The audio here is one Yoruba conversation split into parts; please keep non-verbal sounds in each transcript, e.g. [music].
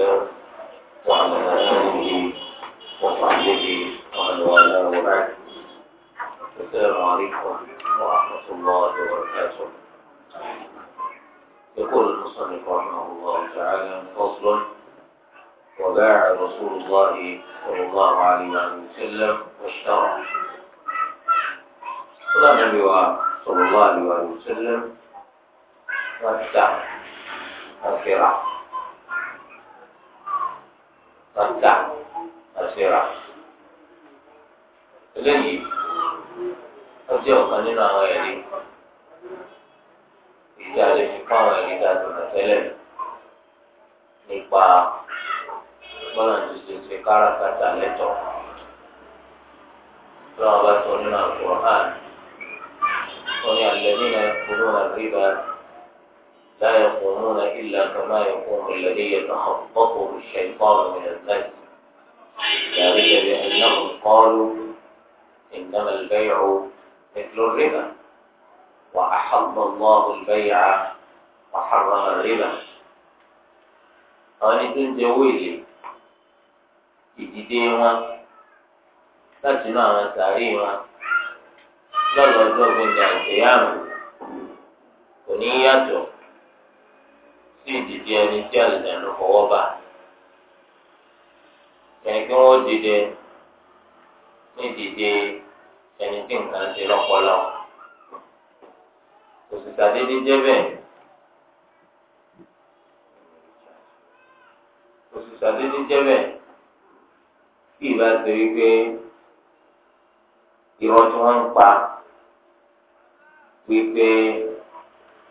الله وعلى آله وصحبه ومن والاه وبعد السلام عليكم ورحمة الله وبركاته يقول المصنف رحمه الله تعالى فصل وباع رسول الله صلى الله عليه وسلم واشترى صلى الله عليه وسلم واشترى ìdè wọn láti inú àwọn sàárè wọn lọ́lọ́ ọjọ́ gbẹ̀ngàn kò ní yàtọ̀ sí ìdìde ẹni tí àlùdànù fọwọ́ bá ẹni kí wọ́n dìde ní ìdìde ẹni tí nǹkan ṣe lọ́pọlọ òṣìṣẹ́ àdédé jẹ́ bẹ́ẹ̀. òṣìṣẹ́ àdédé jẹ́ tí ìbá ṣe wípé irọ́ tí wọ́n ń pa wípé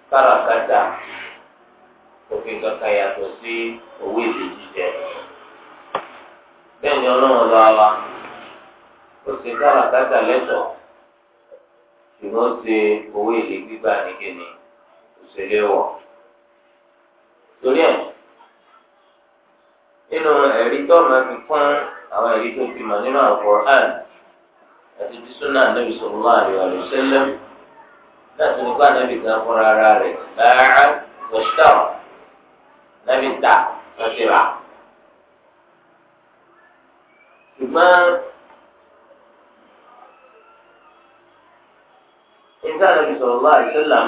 káràkátà òfin kankan yàtọ̀ sí owó èlé jíjẹ. bẹ́ẹ̀ ni ọlọ́run lọ wa ó ṣe káràkátà lẹ́tọ̀ọ́ ṣùgbọ́n ó ṣe owó èlé gbígbà nígbèní òṣèlè wọ̀. torí ẹ̀ nínú ẹ̀rí tó máa fi fún àwọn èyí tó fi mọ̀ nínú al àti ti sunnah Ànábì sallallahu alaihi wa láti nípa Ànábì kan fúnra ara rẹ̀ báyà wọ́ṣítàrọ̀ Ànábì ṣùgbọ́n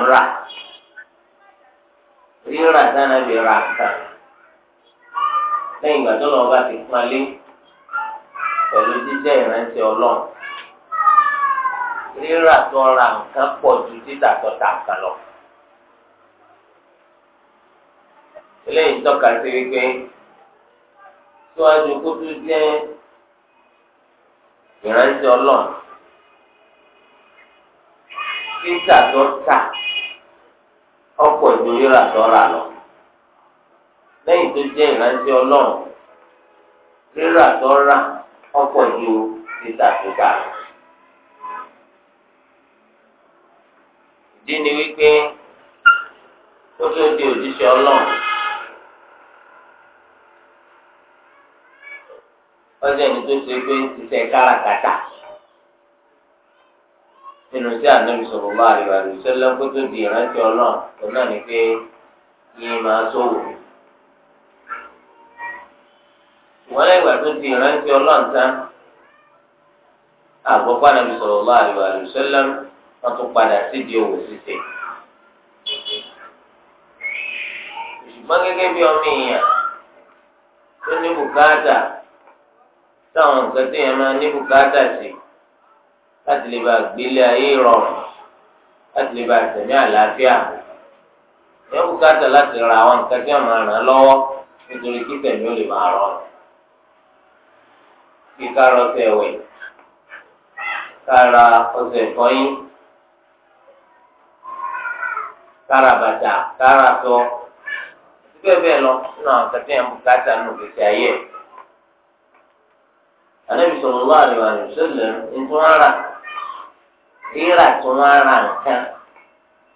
rà rírà pẹ̀lú jíjẹ́ ìrántí ọlọ́run rírà tó ra nǹkan pọ̀ ju títà tó ta nǹkan lọ. eléyìí tọ́ka sí wípé síwájú tó jẹ́ ìrántí ọlọ́run títà tó ta ọ̀pọ̀ ju rírà tó ra lọ. lẹ́yìn tó jẹ́ ìrántí ọlọ́run rírà tó ra. ọ̀pọ̀ ju títà tó bá. ìdí ni wípé ó tó di òjíṣẹ́ ọlọ́run. ọjọ́ ẹni tó ṣe pé ń ṣiṣẹ́ káràkátà nínú tí ànábi sọ̀rọ̀ bá àríwá rẹ̀ sẹ́lẹ̀ kó tó di ìrántí ọlọ́run òun náà ni pé yín máa sọ̀wọ́. wọn lẹ́yìn ìgbà tó di ìrántí ọlọ́run tán àgbọ̀pá nàbì sallallahu alaihi wasallam wọn tún padà síbi òwò ṣíṣe. ṣùgbọ́n gẹ́gẹ́ bí ọmọ èèyàn tó ní bùkátà táwọn nǹkan tó yẹn máa ní bùkátà sí láti lè bá gbélé ayé rọrùn láti lè bá tẹ̀mí àlàáfíà yẹn bùkátà láti ra àwọn nǹkan tí wọ́n máa ràn lọ́wọ́ nítorí kí tẹ̀mí ó lè máa rọrùn kí kára ọṣẹ wẹ̀ kára ọṣẹ fọyín kára bàtà kára sọ bẹ́ẹ̀ bẹ́ẹ̀ lọ nínú àwọn kẹtẹ́ yẹn bùkátà nínú gbèsè ayé ẹ̀. Ànábì sallallahu alaihi wasallam ntí wọ́n rà rírà tí wọ́n rà nǹkan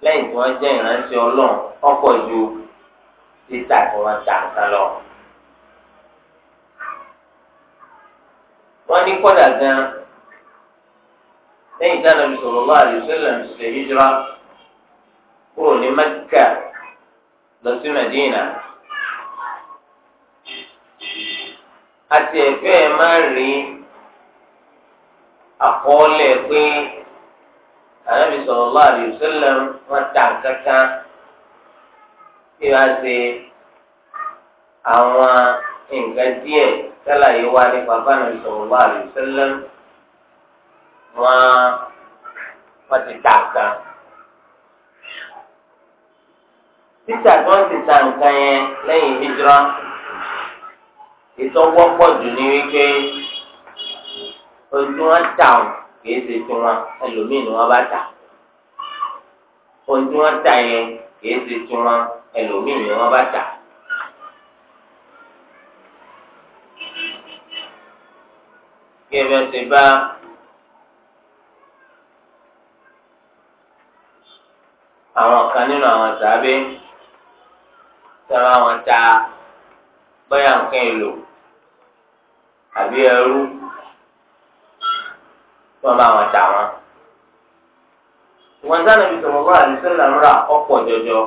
lẹ́yìn tí wọ́n jẹ́ ìrántí ọlọ́run ọkọ̀ ju títà tí wọ́n ta nǹkan lọ. wọ́n ní kọ́dà gan lẹ́yìn tí Ànábì sallallahu alaihi wasallam ṣe hijira kúrò ní Mẹ́kà lọ sí Mẹ́dínà. àti ẹ̀fẹ́ ẹ̀ máa rí pé sallallahu alaihi wasallam wọ́n ta kankan kí nǹkan díẹ̀ sálàyé wa nípa bánà ìṣòwò àlùsẹ́lẹ̀m wọn wọn ti tà kan. títà tí wọ́n ti tà nǹkan yẹn lẹ́yìn hijra ìtọ́wọ́ pọ̀ jù ní wípé ojú wọn tà ọ́ kìí ṣe tiwọn ẹlòmíì ni wọ́n bá tà ojú wọn tà yẹn kìí ṣe tiwọn ẹlòmíì ni wọ́n bá tà. kí ẹ bá ti bá àwọn kan nínú àwọn sàábé sábà wọn ta bóyá nǹkan èlò àbí ẹrú wọn bá wọn tà wọn. ìwọ̀n sáà nàbí sọ̀rọ̀ wá àdìsẹ́là ọ̀pọ̀ jọjọ.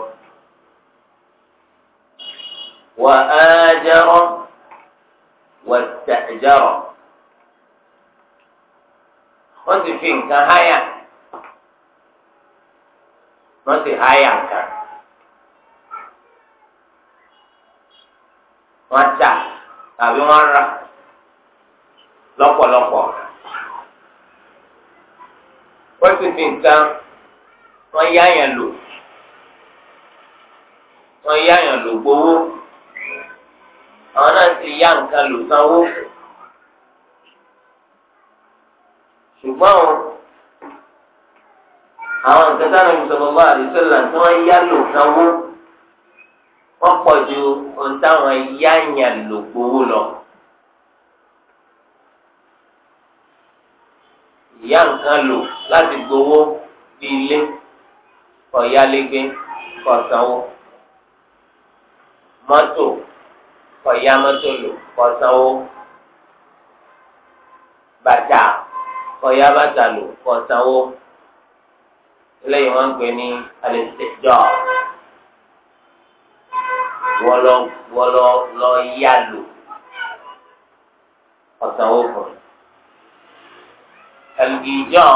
wà á wọ́n sì fi nǹkan háyà wọ́n sì háyà nǹkan wọ́n tà tàbí wọ́n rà lọ́pọ̀lọpọ̀ wọ́n sì fi nǹkan wọ́n yáyàn lò wọ́n yáyàn lò gbowó àwọn náà ti yá nǹkan lò sanwó. ṣùgbọ́n o àwọn nǹkan táwọn ìmùsọ̀lọ́wọ́ àdìsọ́là tí wọ́n yá lò sanwó wọ́n pọ̀ ju ohun táwọn yá yàn lò gbowó lọ. ìyá nǹkan lò láti gbowó bí ilé kọ̀yálégbé kọ̀sánwó mọ́tò kọ̀yá lò kọ̀sánwó bàtà ọ̀yá bàtà lò kọ́ sanwó eléyìí wọ́n ń pè ní alẹ́sẹ̀jọ́ wọ́lọ́ wọ́lọ́ lọ yá lò ọ̀sanwó fún ẹlùgìjọ́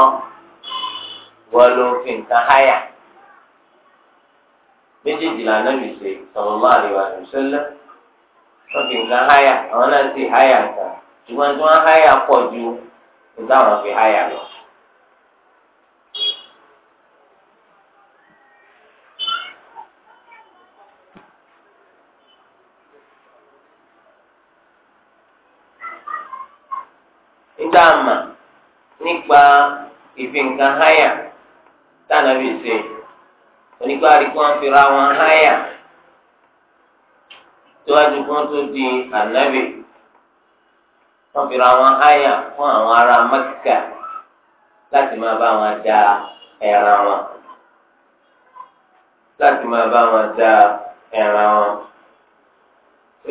wọ́lọ́ fi háyà méjèèjì là náà lùsè sallallahu alaihi wasallam wọ́n fi nǹkan háyà àwọn náà sì háyà nǹkan ṣùgbọ́n tí wọ́n háyà pọ̀ ju. kò dáhùn fi háyà lọ. nígbà àmà nípa ìfìǹkan háyà tànàbì ṣe onígbà àríkú wọn fi ra wọn di ànábì. wọ́n fi ra àwọn háyà fún àwọn ará Mẹ́kà láti máa bá wọn da ẹran wọn láti máa bá wọn da ẹran wọn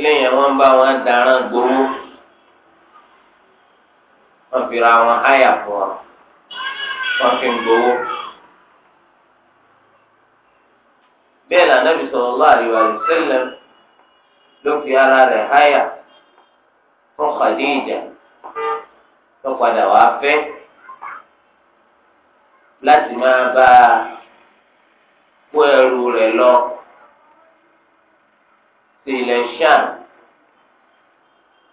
lẹ́yìn wọ́n bá wọn darán gbowó wọ́n fi ra àwọn háyà fún wọn wọ́n fi ń gbowó. bẹ́ẹ̀ ni Ànábì sallallahu alaihi wasallam ló fi ara rẹ̀ háyà fún Khadija tó padà wá fẹ́ láti máa bá kó ẹrù rẹ̀ lọ sí ilẹ̀ Ṣam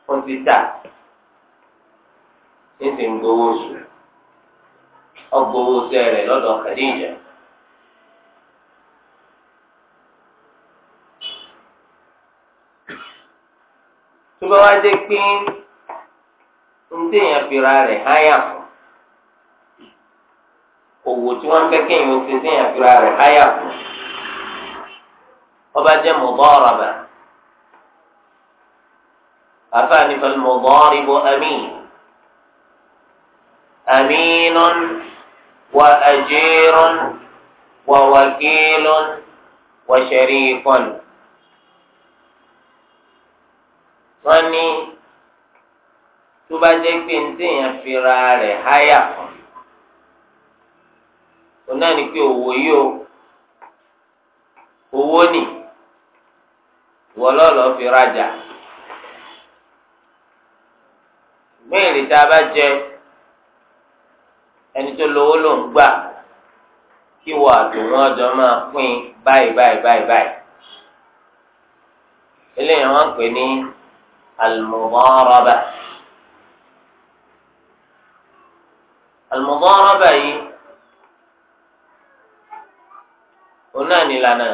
fún títà ní ti ń gbowó oṣù ọgbowó oṣù rẹ̀ lọ́dọ̀ Khadija. bá wá jẹ́ pé ń tí téèyàn fira rẹ̀ háyà fún òwò tí wọ́n fẹ́ kéèyàn ó fi téèyàn fira rẹ̀ háyà fún ọba jẹ́ mudaraba àfààní fal mudaribu amin aminun wa ajirun wa wakilun wa sharikun. wọ́n ní tó bá jẹ́ pé ní téèyàn fi ra rẹ̀ háyà fún un náà ni pé òwò yìí o owó nì ìwọ lọ́ọ̀lọ́ fi rajà ṣùgbọ́n èrè tá a bá jẹ ẹni tó lówó ló ń gbà kí wọ́n àtòwọ́n ọjọ́ máa pín báyìí báyìí báyìí báyìí eléyìí ń pè ní àlùmọ̀ọ́rọ́bà àlùmọ̀ọ́rọ́bà yìí òun náà ní ìlànà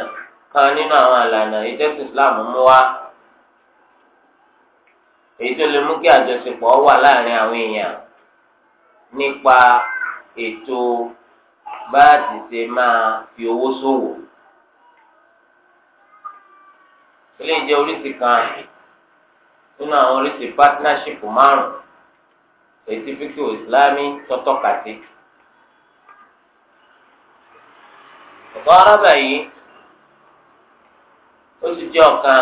kan nínú àwọn ìlànà ìjẹ́sí Islam mú wá èyí tó lè mú kí àjọṣepọ̀ wà láàrin àwọn èèyàn nípa ètò bá a ti ṣe máa fi owó ṣòwò. ilé ìjẹ́ oríṣi kan nínú àwọn oríṣi partnership márùn ètí fíkì ìsìlámì tọ́tọ́ka sí. ẹ̀kọ́ arábà yìí ó sì jẹ́ ọ̀kan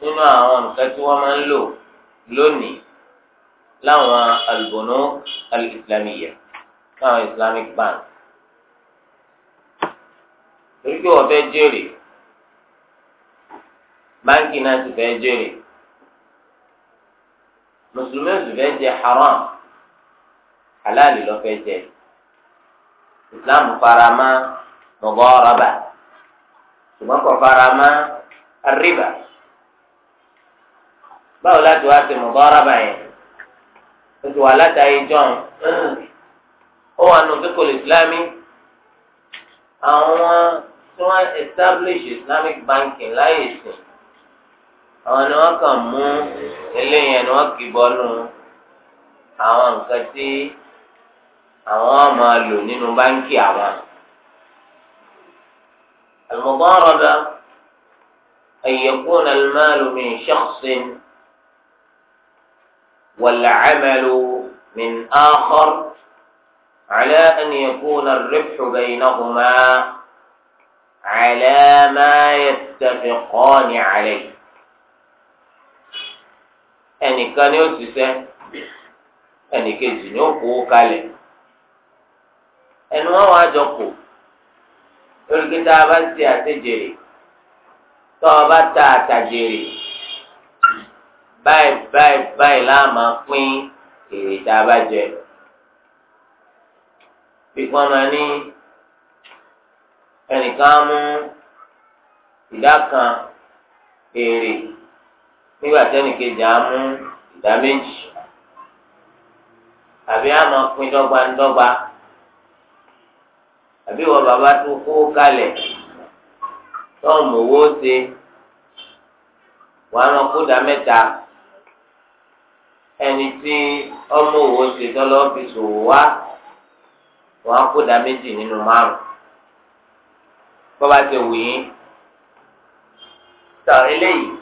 nínú àwọn nǹkan tí wọ́n máa ń lò lónìí láwọn alùbọ̀nù alìsìlámìyà láwọn islamic bank. torí pé wọ́n fẹ́ jèrè báńkì náà sì fẹ́ jèrè mùsùlùmí sì fẹ́ jẹ haram halali ló fẹ́ jẹ islam farama mọ̀gọ́rọ̀bà ṣùgbọ́n kò farama rìbà báwo láti wá sí mọ̀gọ́rọ̀bà yẹn o wà látàrí john ó wà nù fíkò ìsìlámì àwọn tí wọ́n establish islamic banking láyé ìsìn. àwọn ni wọ́n kàn mú eléyìí ni wọ́n kì bọ́nú àwọn nǹkan tí àwọn máa lò nínú báńkì àwọn. المضاربة أن يكون المال من شخص والعمل من آخر على أن يكون الربح بينهما على ما يتفقان عليه ẹnìkan ni ó ṣiṣẹ́ ẹnìkejì ni ó kó kalẹ̀ ẹnu wọn wàá jọ kù lórí kí tá a bá ṣe àtẹjèrè tó a bá ta àtàjèrè báyìí báyìí báyìí láà máa pín èrè tá a bá jẹ fífọ́n máa ní ẹnìkan mú ìdá kan èrè nígbà tẹ́nì kejì á mú ìdá méjì àbí á máa pín dọ́gbandọ́gba àbí wọ bàbá tó kówó kalẹ̀ tọ́ọ̀ mọ̀wó ṣe wàá máa kó dá mẹ́ta ẹni tí ọmọ òwò ṣe tọ́lọ́ fi ṣòwò wá wàá kó dá méjì nínú márùn-ún ti wù yín tọ́ eléyìí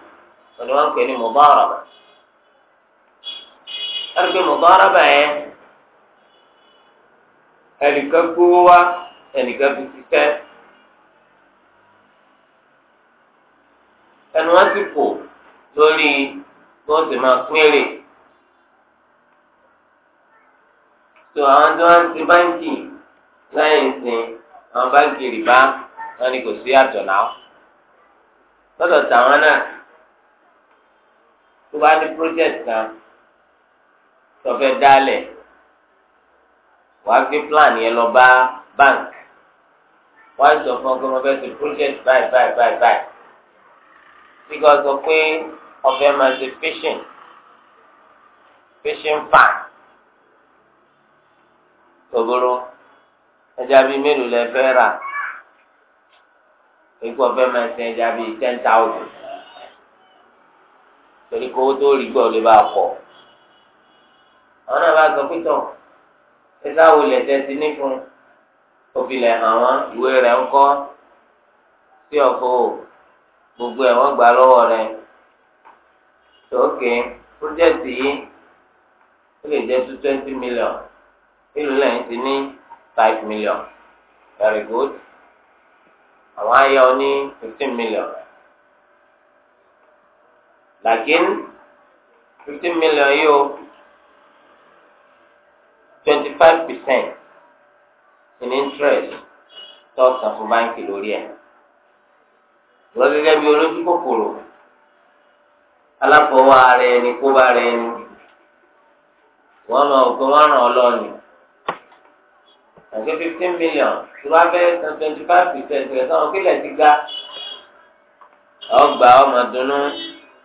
wọn ni wọn ń pè ní mudaraba ẹni pé mudaraba yẹn ẹnìkan gbówó wá ẹnìkan fi ṣiṣẹ́ ẹnu wọn ti kò lórí bí wọn ti máa pín tó àwọn tí wọn ti báńkì láyé ìsìn àwọn báńkì rìbá wọn ni kò sí àtọ̀ náà lọ́dọ̀ tàwọn náà tó bá ní project kan tọfẹ dálẹ̀ wàá gbé plan yẹn lọ bá bank wàá sọ fún ọgbẹ mo fẹ́ ṣe project báyìí báyìí báyìí báyìí sígá sọ pé ọfẹ máa ṣe fishing fishing farm tòboro ẹja bíi mélòó lẹ fẹ́ rà ikú ọfẹ máa ṣe ẹja bíi ten thousand torí kó tó rí gbọ́ lè bá pọ̀ àwọn náà bá sọ pé tán ẹ sáwo lẹ̀tẹ̀ ti ní fún òfìlẹ̀ àwọn ìwé rẹ̀ ń kọ́ sí ọ̀fọ̀ gbogbo ẹ̀ wọ́n gbà lọ́wọ́ rẹ̀ tókè pírójẹ́tì yìí ó lè jẹ́ tó twenty million ìlú lẹ́yìn ti ní five million very good àwọn ayọ̀ ní fifteen million làkín fifteen million yìí o twenty five percent in interest tọ́sán fún báńkì lórí ẹ̀ wọ́n gẹ́gẹ́ bí olójú kòkòrò aláfọwọ́ ara ẹni kó bá ara ẹni wọ́n mọ òkú wọn ràn ọ́ lọ́ọ̀nì àti fifteen million tí wọ́n fẹ́ san twenty five percent rẹ̀ sáwọn kílẹ̀ ti ga ọgbà ọmọ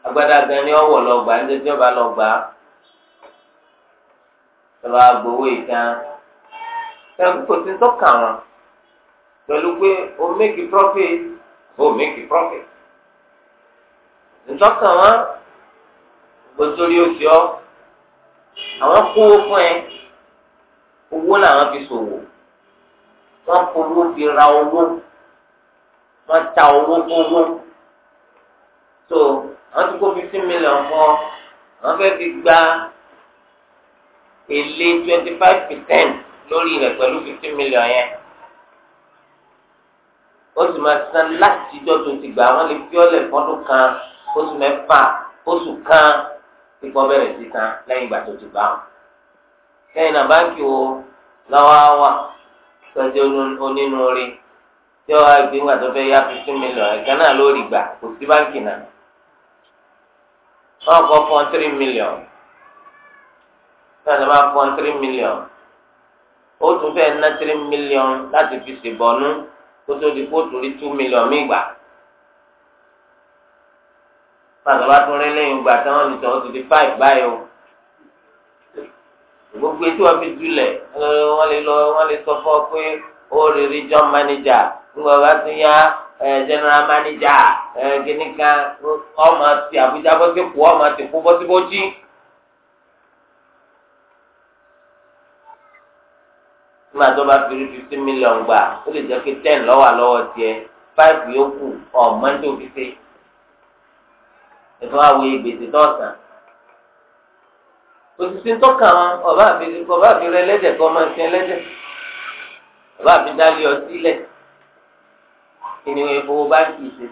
agbada gan ni ọwọ́ lọ gbà ní tẹ́tí ọba lọ gbà lọ agbowó ìtàn tẹ̀wé kò sí tọ́ka wọn pẹ̀lú pé o make profit o make profit ntọ́ka wọn gbọ́sórí oṣù ọ àwọn kówó fún ẹ owó làwọn fi ṣòwò wọ́n fowó fi ra owó wọ́n ta owó fún owó tó. So, kó fifteen million fún ọ àwọn fẹ́ẹ́ fi gba èlé twenty five percent lórí rẹ̀ pẹ̀lú fifteen million yẹn ó sì máa san láti ìjọ tó ti gbà wọn lè fi ọlẹ̀ fọ́dún kan oṣù mẹ́fà oṣù kan tí kò bẹ̀rẹ̀ sí kan lẹ́yìn ìgbà tó ti gbà wọn lẹ́yìn náà báńkì wo lọ́wọ́ wà tọ́jú onínúure tí wọ́n á gbé tó fẹ́ yá fifteen million ẹ̀ka náà lórí gbà kò sí báńkì náà wọn kọ fún three million náà máa fún three million ó tún fẹ́ ná three million láti fi ṣèbọnú kó tó di kóòtù rí two million mí gbà pàtó bá tún rí lẹ́yìn ìgbà táwọn nìkan ó ti di five báyìí o gbogbo etí wọn fi dulẹ̀ wọn lè lọ wọn lè sọ fún pé ó rí rí john manager nígbà bá ti yá general manager gínníkan ọmọ ti Àbújá bọ́ sí kú ọmọ ti kú bọ́ sí bójì. nígbà tó bá fi rí fifty million gbà ó lè jẹ́ pé ten lọ́wọ́ lọ́wọ́ tiẹ̀ five yòókù ọ̀mọ́ ní òfìsè ẹ̀fọn àwọn ìgbèsè tọ̀sán òṣìṣẹ́ tọ́ka wọn ọba àfi ọba àfi rẹ lẹ́dẹ̀ kọ́ máa ń sin ẹlẹ́dẹ̀ ọba àfi dálé ọtí lẹ̀ kí ni owó báńkì ṣe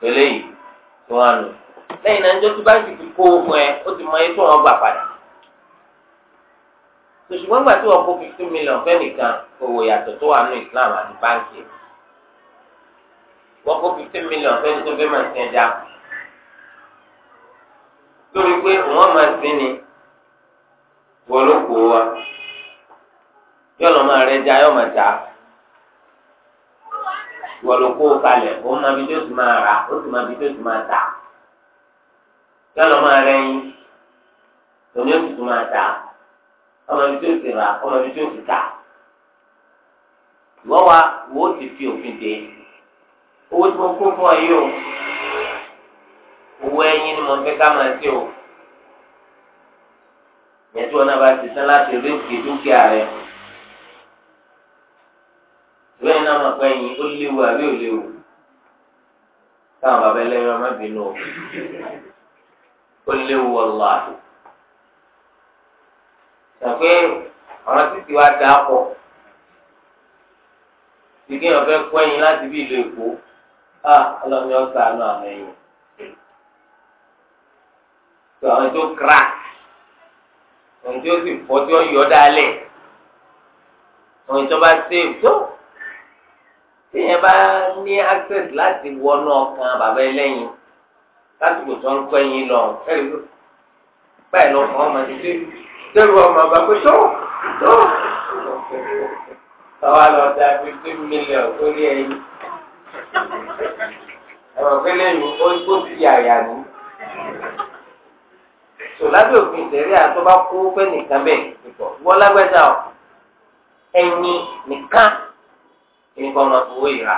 pẹ̀lẹ́ yìí tó wà nù lẹ́yìn náà njọ́ tí báńkì ti kó o ẹ ó ti mọ ètò wọn gbà padà gbà tí wọ́n kó fifty million fẹ́nìkan owó yàtọ̀ tó wà nù Islam àti báńkì wọ́n kó fifty million fẹ́ni tó fẹ́ máa sin ẹja lórí pé wọ́n máa sin ni wọ́n ló kó wa máa máa wọlé kó kalẹ̀ ó ma bi tó ti máa rà ó sì máa bí tó ti máa tà yọlọ máa rẹyìn lóní ó sì ma ma bi tó tó wa wo ti fi òfin dè owó tí mo kó fún o owó ẹyin ni mo fẹ́ ká o yẹn tí bá ti bẹ́ẹ̀ náà máa pẹ́ yín ó léwu àbí ò léwu táwọn bàbá ẹlẹ́yìn ọmọ bínú o ó léwu ọ̀la ṣàpé àwọn títí wa dà pọ̀ bí kéèyàn fẹ́ pẹ́ yín láti bí ìlú Èkó á ọlọ́mi ọ̀sà àánú àmọ́ ẹ̀yìn tó àwọn tó kra ohun tí ó sì fọ́ tí ó yọ̀ dálẹ̀ ohun tó bá sèé tó téèyàn bá ní access láti wọnú ọkàn bàbá ẹlẹ́yin láti kò tó ń pẹ́ yín lọ ẹ̀rí báyìí lọ fún ọmọ títí tẹ́lu ọmọ bàbá tó tó tọ́wá lọ da fifteen million sórí ẹyin ẹ̀rọ pẹ́lẹ́ mi ó tó ti àyà ní sòlábì òfin ìtẹ̀rí àtọ́ bá kó fẹ́ nìkan bẹ́ẹ̀ wọ́n lágbẹ́sà ẹ̀yin nìkan kíni kọ́ máa fowó ìhà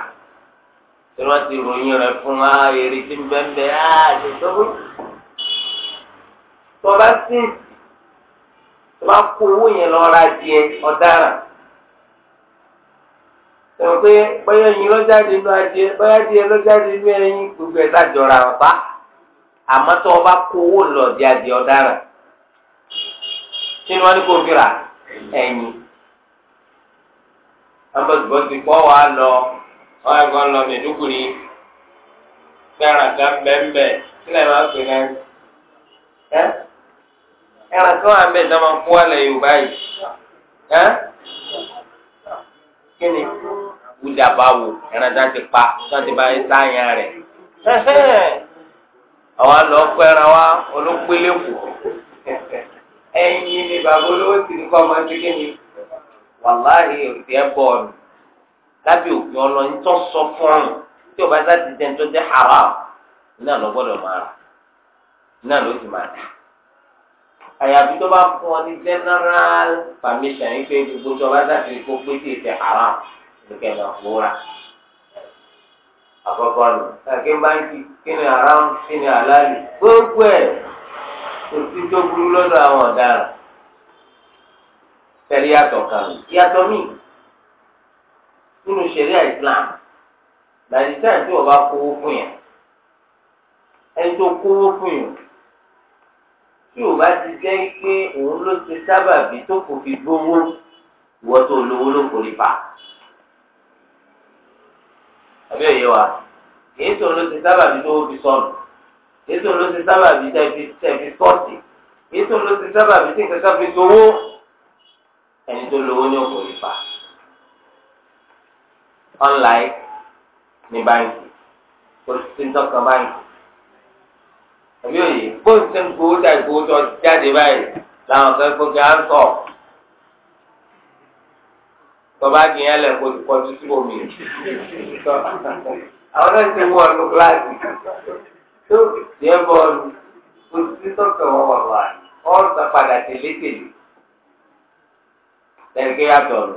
tí wọ́n ti ròyìn rẹ̀ fún wa èrè tí ń bẹ́ẹ̀ bẹ́ẹ̀ á ṣe sọ́kù. tó bá sì tó bá kó owó yẹn lọ ra díẹ̀ ọ̀daràn tẹ̀wọ́ pé bóyá ẹyin ló jáde inú adìẹ bóyá adìẹ ló jáde inú ẹyin gbogbo ẹ̀ lájọra bá àmọ́ tó o bá kó owó lọ di adìẹ ọ̀daràn kí wọ́n ní kó o fi rà ẹyin abọ́dùbọ́ ti pọ́ wàá lọ ọ̀hún ẹ̀gbọ́n lọ mẹ́dúkùrì gbẹ̀ràn kan bẹ́ẹ̀nbẹ́ sílẹ̀ máa pè náà ẹ́ ẹ̀ràn kan wà bẹ́ẹ̀ dáná kó wà lẹ̀ Yorùbá yìí ẹ́ kí ni wùdàbà wò ẹ̀ràn tá ti pa tá ti bá yẹ sáyà rẹ̀ [laughs] àwọn àlọ́ pẹ́ran wa olókpélé kù [laughs] ẹ̀yin ni bàbá olówó ti ní kọ́ ọmọ ẹgbẹ́ wàláhì òsì ẹ bọ̀ ọ̀nù lábẹ́ òfin ọlọ́ni tó sọ fún ọ̀nù tí ọba sá ti jẹun tó jẹ́ haram náà lọ gbọ́dọ̀ máa rà náà ló ti máa dà àyàfi tó bá fún ọ ní general permission yìí pé gbogbo tó ọba sá ti kó pé tí ìfẹ́ haram nìkẹ́ máa wúra àkọ́kọ́ nù kàkí báńkì kí ni haram kí ni halal gbogbo ẹ̀ kò sí tó burú lọ́dọ̀ àwọn ọ̀daràn tẹ̀lé yàtọ̀ kan yàtọ̀ mí nínú ṣẹ̀ríà Islam làyè sáà tí o bá kówó fún yẹn ẹni tó kówó fún yẹn tí o bá ti jẹ́ pé òun ló ṣe sábàbí tó kò fi gbówó ìwọ́ tó lówó ló kò lè fà àbí òye wa èyí tó ló ṣe sábàbí tó fi sọnù èyí tó ló ṣe sábàbí tẹ̀ fi sọ́ọ̀tì èyí tó ló ṣe sábàbí tí nǹkan fi sowó ẹni tó lówó ní òkò lè fà online ní báńkì kò sí tọkàn báńkì àbí òye kó n ṣe ń gbowó dá ìgbowó tó jáde báyìí làwọn kan gbogbo à ń sọ tọba gbìyànjú lẹ kó ti kọjú sí omi àwọn náà ti wọ ọdún kíláàsì tó yẹ bọ kò sí tọkàn wọn wà wà ọ ń sọ padà tẹlẹ tẹlẹ lẹ́yìn kí yàtọ̀ nù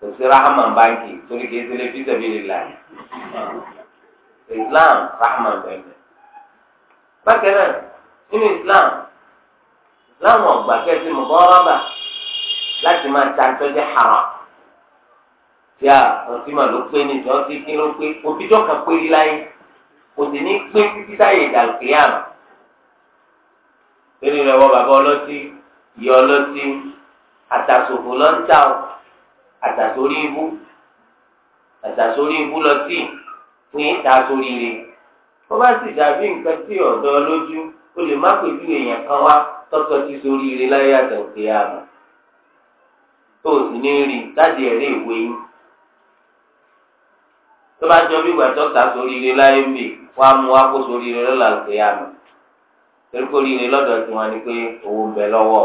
kò sí rahman báńkì torí kì í sílé fíṣẹ̀ bí lè láyé islam rahman bẹ̀rẹ̀ bákan náà nínú islam islam ọ̀gbà kẹ́sì mọ̀kọ́rọ́bà láti máa ta tọ́jú haram tí a ọtí mà ló pé níjọ́ tí kí ló pé òbíjọ́ kan pé láyé kò sì ní pé títí táyé ìdàlùkìyàmù torí rẹ̀ wọ bàbá ọlọ́tí ìyá ọlọ́tí àtàsòfò lọ ń tà ọ àtàsórí ibú àtàsórí ibú lọ sí fún yín tà sórí rẹ tó bá sì dàbí nǹkan tí ọ̀dọ́ lójú o lè má pèjú èèyàn kan wá tọ́tọ́ ti sórí rẹ láyé àtàkùn yà mọ́ tó o sì ní rí láti ẹ̀rí ìwé yín tó bá jọ bí ìgbà tó tà sórí rẹ láyé mbè wàá mú wá kó sórí rẹ lọ́la àtàkùn yà mọ́ torí kó rí rẹ lọ́dọ̀ tiwọn ni pé òun bẹ lọ́wọ́.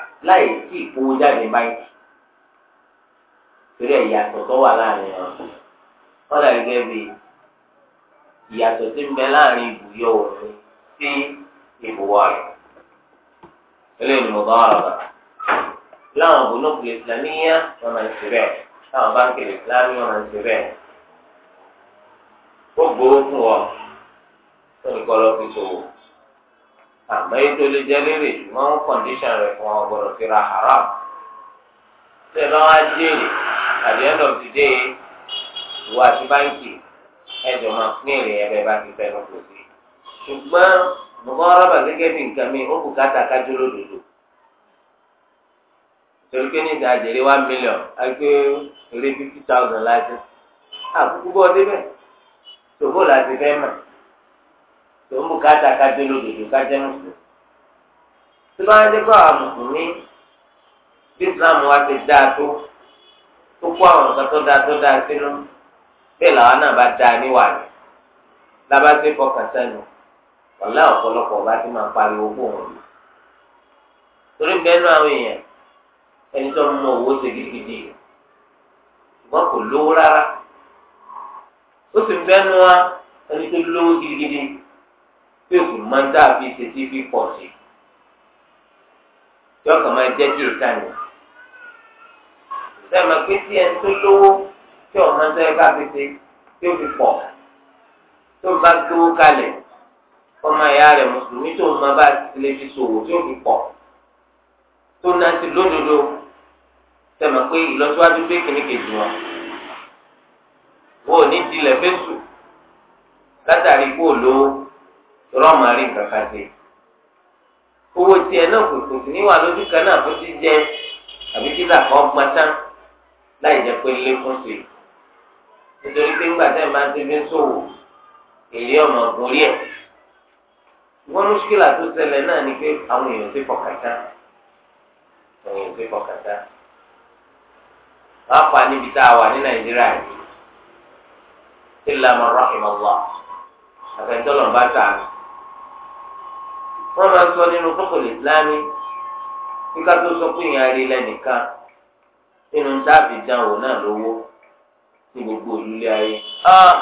láì tí ìkówó jáde báyìí torí ìyàtọ̀ tó wà láàrin ọ̀rọ̀ wọ́n dàbí gẹ́gẹ́ bí ìyàtọ̀ tí ń bẹ láàrin ibùyọ òfin sí ibùwọ̀ rẹ̀ eléyìí ni mo bá wà bá láwọn bùnúkù ìsìlámíyà wọn máa ń ṣe bẹ́ẹ̀ láwọn báńkì ìsìlámíyà wọn máa ń ṣe bẹ́ẹ̀ ó gbowó fún ọ tó ní kọ́ lọ́ọ́ fi ṣòwò àmọ́ ètò lè jẹ́ lérè ṣùgbọ́n wọn kọ̀ǹdíṣàn rẹ̀ fún wọn gbọ́dọ̀ fi ra haram tẹ́ bá wá jèrè àti end of the day ìwà àti báńkì ẹjọ́ máa pín èrè ẹ̀ bẹ́ẹ̀ bá ti fẹ́ lọ́kọ̀ sí i ṣùgbọ́n mọ̀mọ́ rọ́bà gẹ́gẹ́ bí nǹkan mi ó kù káta kájú lódodo torí pé ní ìdájẹ́rẹ́ one million àgbé èrè fifty thousand láti àkókò bọ́ọ̀dé bẹ́ẹ̀ ṣòfò láti fẹ́ mọ̀ tó ń bùkátà kájọ lódodo kájọ mùsùlùmí tó bá ń dé kó àwọn mùsùlùmí bí islam wa ti dáa tó tó kó àwọn nǹkan tó dáa tó dáa sínú bẹ́ẹ̀ làwọn náà bá dáa níwà rẹ̀ lábàtí fọkàn sẹ́nu ọ̀la ọ̀pọ̀lọpọ̀ ọba ti máa pariwo kó wọn lò torí bẹ́ẹ̀ náà àwọn èèyàn ẹni tó ń mọ owó ṣe gidigidi ṣùgbọ́n kò lówó rárá ó sì ń bẹ́ẹ̀ nu wa ẹni tó lówó gidigidi tí o sì máa ń dá àfi ṣe tí fi pọ̀ sí yọ kàn máa jẹ́ bí ìta ni sẹ́mi pé tí ẹni tó lówó tí ọ̀ máa ń sẹ́yìn ká fi ṣe tí ó fi pọ̀ tó bá gbówó kalẹ̀ ọmọ ìyá rẹ̀ mùsùlùmí tó máa bá lè fi ṣòwò tí ó fi pọ̀ tó náà ti lódodo sẹ́mi pé ìlọsíwájú gbé kìnnìkejì wọn wọ́n ò ní tilẹ̀ fẹ́sù látàrí kó lówó. tọ́lọ́ ọmọ rí nǹkan kan ṣe. owó tiẹ̀ náà kò kò sí níwà lójú kan náà fún jíjẹ àbí kí làkọ́ gbọ́n tán láì jẹ́ pé lékún sí nítorí pé ńgbà tẹ́ ẹ̀ máa ń tẹ́lẹ̀ sòwò èrè ọmọ ẹ̀. wọ́n mú tó ni pé àwọn èèyàn ti fọkàtà. àwọn èèyàn ti fọkàtà. wọ́n á pa níbi tá a wà ní nàìjíríà wọ́n máa sọ nínú fúkúlù ìsìlámì kíkà tó sọ pé ìyẹn arí lẹ́nìkan nínú táàbì dánwò náà lówó ní gbogbo olúlé ayé á ah,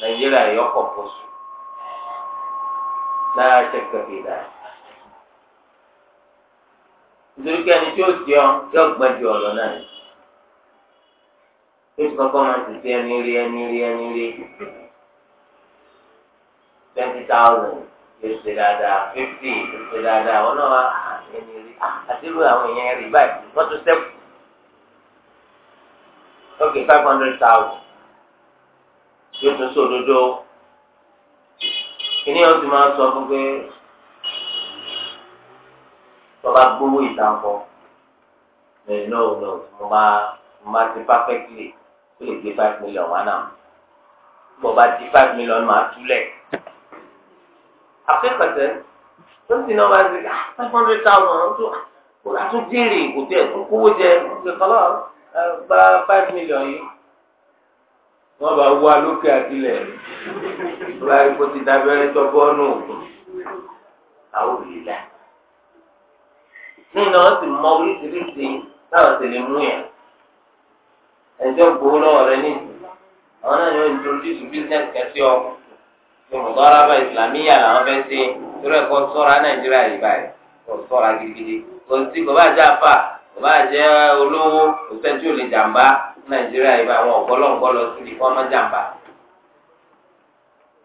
nàìjíríà yọkọ̀ pọ̀sù lára ṣẹ̀kẹ̀kẹ̀ dà nítorí pé ẹni tí ó di ọ yọ gbọ́n ju ọ̀rọ̀ náà ni yóò kọ́kọ́ máa ti di ẹni rí ẹni rí ẹni rí twenty thousand. èsè dáadáa fífì èsè dáadáa wọn náà ah, ẹni rí ah, àdúró àwọn èèyàn rí báyìí wọn tún sẹ́kù ókè five hundred thousand yóò tún sòdodo kìnìún yóò ti máa sọ fún pé tọ́ba gbowó ìtàkọ́ ẹ̀ no no mo máa mo máa ti perfectly ó lè gbé five million wá náà bọ́ba ti five million máa túlẹ̀ àfẹ́kọ̀tẹ́ tó ti náà wá sí ah, five hundred thousand tó àtún jèrè kò tẹ̀ tó kówó jẹ ṣe kọ́lọ́ gba five million yìí wọ́n bá wá lókè àtìlẹ̀ báyìí kò ti dábẹ́rẹ́ tọ́ bọ́ọ̀nù òkun àwọn òrìlà nínú wọn sì mọ oríṣiríṣi táwọn sì lè mú yẹn ẹjọ́ gbowó lọ́wọ́ rẹ ní àwọn náà ni introduce business kẹsí ọkùnrin tó mùdọ́rábà ìsìlámíyà làwọn fẹ́ ṣe torí ẹ̀kọ́ sọ́ra nàìjíríà yìí báyìí kò sọ́ra gidigidi kò sí kò bá jẹ́ àfà kò bá jẹ́ olówó kò sẹ́jú olè jàmbá nàìjíríà yìí báyìí àwọn ọ̀gọ́lọ́ǹgọ́ lọ sí ìfọ́ ọmọ jàmbá.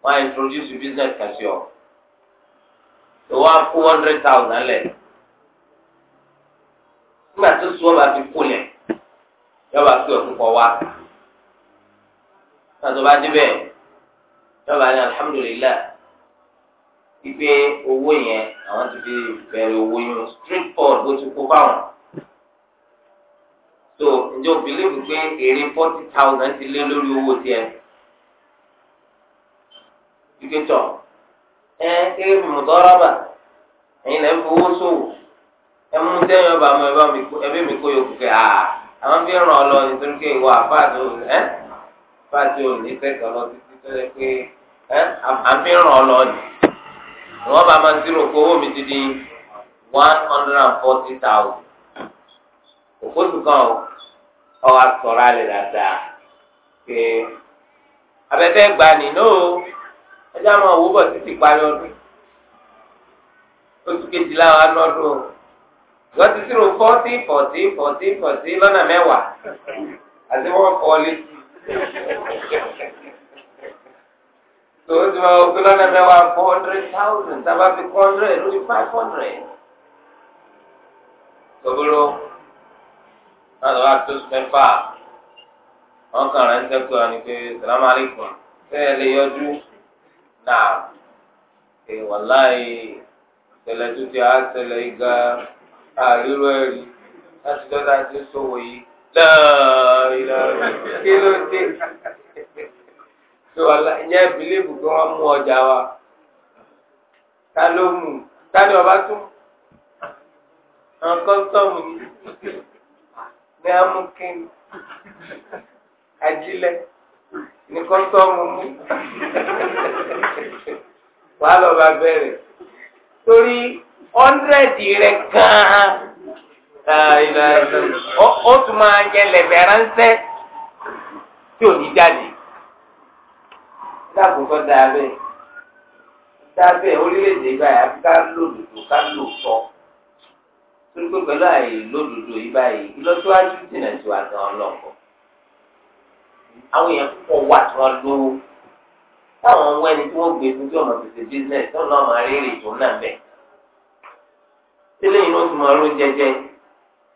wọ́n á introduce business kàṣí ọ̀ tó wá kó one hundred thousand lẹ̀ nígbà tó sọ ọ́ bá fi kú lẹ̀ yọba kí ọ̀tún kọ wá. Tàtọ́ bá débẹ̀ lọ́ba ní alhamdulillah ipe owó yẹn àwọn ti fi bẹ̀rẹ̀ owó yẹn street board bó ti kó báwọn. so ǹjẹ́ o believe pé èrè forty thousand ti lé lórí owó tiẹ̀. ipe tọ̀ ẹ kéré mi mùdọ́rọ́bà ẹ̀yin lẹ́ fowó ṣòwò ẹ mú sẹ́yìn ọba àmọ́ ẹbí mi kó yòókù kẹ́ àá àwọn fi ràn ọ lọ nítorí pé ìwọ àfáàtì ẹ́ àfáàtì tó yẹ pé ẹ àmíràn ọlọ́ọ̀dì ni wọ́n bá máa ń zero kó owó mi ti di one hundred and forty thousand òkótù kan ọ wá sọ̀rọ̀ alẹ́ dáadáa pé abẹ́fẹ́ gbà ní nóò ẹjọ́ àwọn òwúbọ̀ títí parí ọdún oṣù kejìlá wa lọ́dún ìwọ́n ti zero forty forty forty forty lọ́nà mẹ́wàá àti wọ́n fọ́ létí tó o ti máa wọ pé lọ́nà mẹ́wàá four hundred thousand tábà fi four hundred lórí five hundred. Gbogbo náà lọ́wọ́ tó mẹ́fà wọ́n kàn rẹ̀ ń tẹ́kọ̀ọ́ wa ni pé salamu alaykum bẹ́ẹ̀ lè yọjú náà ẹ̀ wàláyé ìṣẹ̀lẹ̀ tó ti àṣẹlẹ̀ ìgbà àríwá ẹ̀rí láti dọ́ta ti sọ̀wọ́ yìí láàárín kí ló dé. tó wà lá ìyẹn bìlíìfù ọjà wa ta ló mú ta ni ọba tún ni ní amúkín ajílẹ̀ mú wàá lọ bá torí rẹ̀ gan-an ó tún máa yẹ lẹ̀bẹ̀ tí ò ní jáde. dáàbò kọ́ da abẹ́ da abẹ́ orílẹ̀-èdè báyìí àti lòdòdò ká lò sọ torí pé pẹ̀lú àyè lòdòdò yìí báyìí ìlọsíwájú jìnnà ọlọ́kọ̀ àwọn èèyàn púpọ̀ wà tí wọ́n táwọn ń wẹ́ni tí wọ́n gbé fún tí ọmọ tètè lọ́ máa rí tó ń nà bẹ́ẹ̀ yìí ló ti jẹjẹ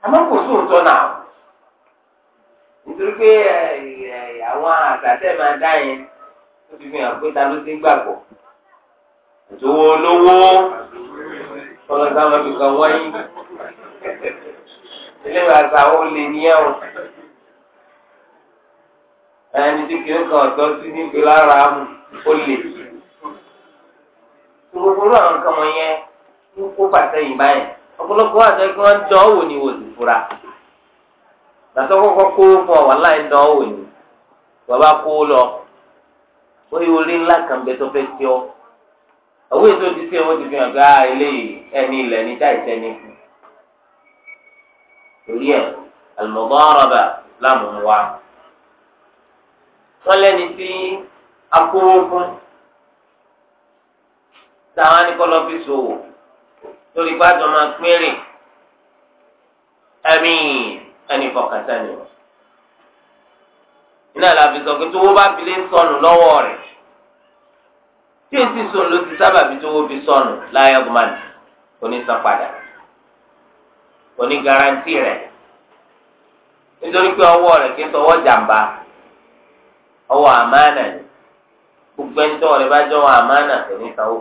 àmọ́ kò sóun tọ́ náà nítorí pé àwọn àgbàdẹ́ máa dá yẹn. ó ti fi hàn pé ta ló ti ń gbàgbọ́ ìṣòwò olówó tọ́lá sáwọn ibìkan wáyé ilé ìwàsà ó lè níyàn o ẹni tí kìí kan ọ̀tọ́ sí níbi lára mu ó lè gbogbo àwọn nǹkan wọn yẹn ń kó pàtẹ́yìn báyìí ọ̀pọ̀lọpọ̀ àti ẹgbẹ́ wọn dán owó ni wò sí fura gbàtọ́ kọ́kọ́ kó fún ọ wà láì dán owó ni bàbá kó lọ ó yẹ orí ńlá kan bẹ tó fẹ́ tí ọ àwọn ètò ti ṣe wọn ti fi hàn pé ah eléyìí ẹni ilẹ̀ ní táì sẹ́ni kù torí ẹ̀ àlùmọ̀gbọ́nrọ̀bà láàmú wa wọ́n lẹ́ni tí akówó fún táwọn anìkọ́lọ́ fi ṣòwò lórí gbàdúrà máa pínrìn ẹ̀mí ẹni fọkàntánì wọn. iná làbí sọ pé tówó bá fi sọnù lọ́wọ́ rẹ̀ tí èsì sọnù ló ti sábà fi tówó fi sọnù láyé garanti rẹ̀ nítorí pé ọwọ́ rẹ̀ kí n sọ ọwọ́ jàmbá ọwọ́ àmánà ni gbogbo ẹni tọ́wọ́ rẹ̀ bá jọ wọ àmánà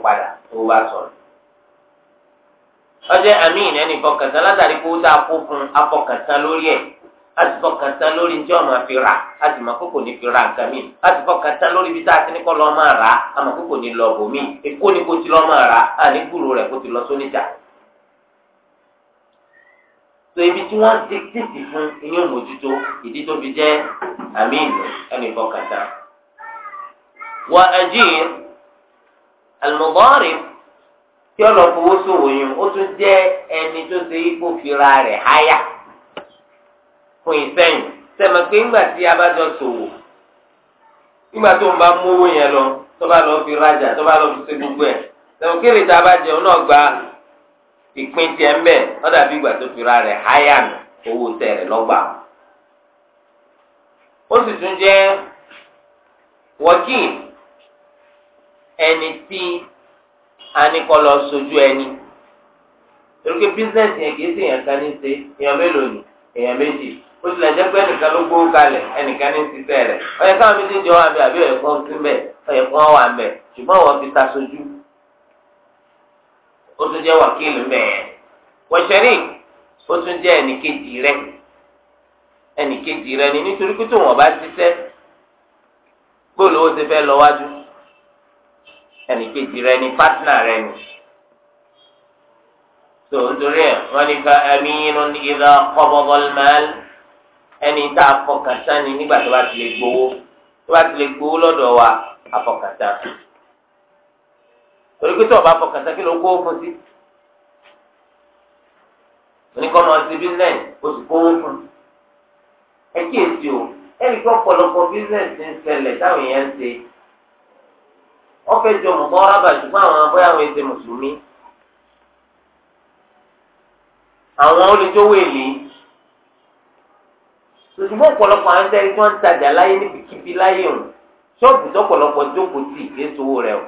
padà bá sọnù ọjọ́ àmì fọkàntán látàrí kó láti fọkàn tán lórí njẹ́ ọ̀nà àfira láti mọ̀ kókò ní fira nǹkan mi láti fọkàn tán lórí ibi tá a ti ní kọ́ lọ́ máa rà á àmọ́ kókò ní lọ bòmí èkó ni kò ti lọ́ máa rà á ní gbúrò rẹ̀ kó ti lọ tí wọ́n ti tètè fún iye òmòjútó ìdí tó fi jẹ́ àmì ìlú ẹnì fọkàn tán. wà á jíìn àlùmọ̀gbọ́nrin tí tún jẹ́ ẹni tó ṣe é fira rẹ̀ háyà. fún ìsẹ́yìn sẹ́mi pé ńgbà tí a bá jọ ṣòwò ńgbà tó ń bá mú owó lọ tó lọ fi rajà tó lọ fi ṣe gbogbo ẹ̀ sẹ́mi kí lèta bá jẹun náà gba ìpín tiẹ̀ ń bẹ̀ ó ìgbà tó fi ra rẹ̀ háyà mi owó tẹ̀ rẹ̀ lọ́gbà. ó sì tún jẹ́ ẹni tí lọ sojú ẹni torí pé bísíǹsì yẹn kì í ní ṣe èèyàn mélòó ni ó tilẹ̀ jẹ́ pé ẹnìkan ló gbówó kalẹ̀ ẹnìkan ní ṣiṣẹ́ rẹ̀ ó yẹ káwọn méjèèjì wà bẹ́ẹ̀ àbí ẹ̀kọ́ ń tún bẹ́ẹ̀ ó yẹ kó wà bẹ́ẹ̀ ṣùgbọ́n wọ́n fi ta sojú ó tún jẹ́ wákìlì mẹ́ẹ̀ wọ̀ṣẹ̀rì ó tún jẹ́ ẹnìkejì rẹ̀ ẹnìkejì rẹ̀ ni nítorí pé tó wọn bá ṣiṣẹ́ gbóòlù ó ti fẹ́ lọ wájú ẹnìkejì rẹ̀ ni pátínà rẹ̀ ni tó nítorí ẹ̀ wọ́n ní ká amínú ìlà kọ́bọ̀bọ̀lmáàlì ẹni tá a fọkàn tán ni nígbà tó bá ti lè gbowó tó bá ti lè gbowó lọ́dọ̀ wa àfọkàn tán torí pé tó o bá fọkàn tán kí ló ń kówó fún sí oníkọ́nà ọtí bísíǹnẹ̀sì oṣù kówó fún ẹ kíyèsí o ẹnì kan ọ̀pọ̀lọpọ̀ bísíǹnẹ̀sì ń ṣẹlẹ̀ táwọn èèyàn ń ṣe wọ́n fẹ́ jọ mọ̀ mọ́ra bá ṣùgbọ́n àwọn abọ́yá àwọn ẹsẹ̀ mùsùlùmí àwọn olùjọ́wọ́ èlé ṣùgbọ́n ọ̀pọ̀lọpọ̀ àwọn ẹgbẹ́ tí wọ́n ń tajà láyé níbikíbi láyé o ṣọ́ọ̀bù tọ́pọ̀lọpọ̀ jókòó tì í lé sowó rẹ o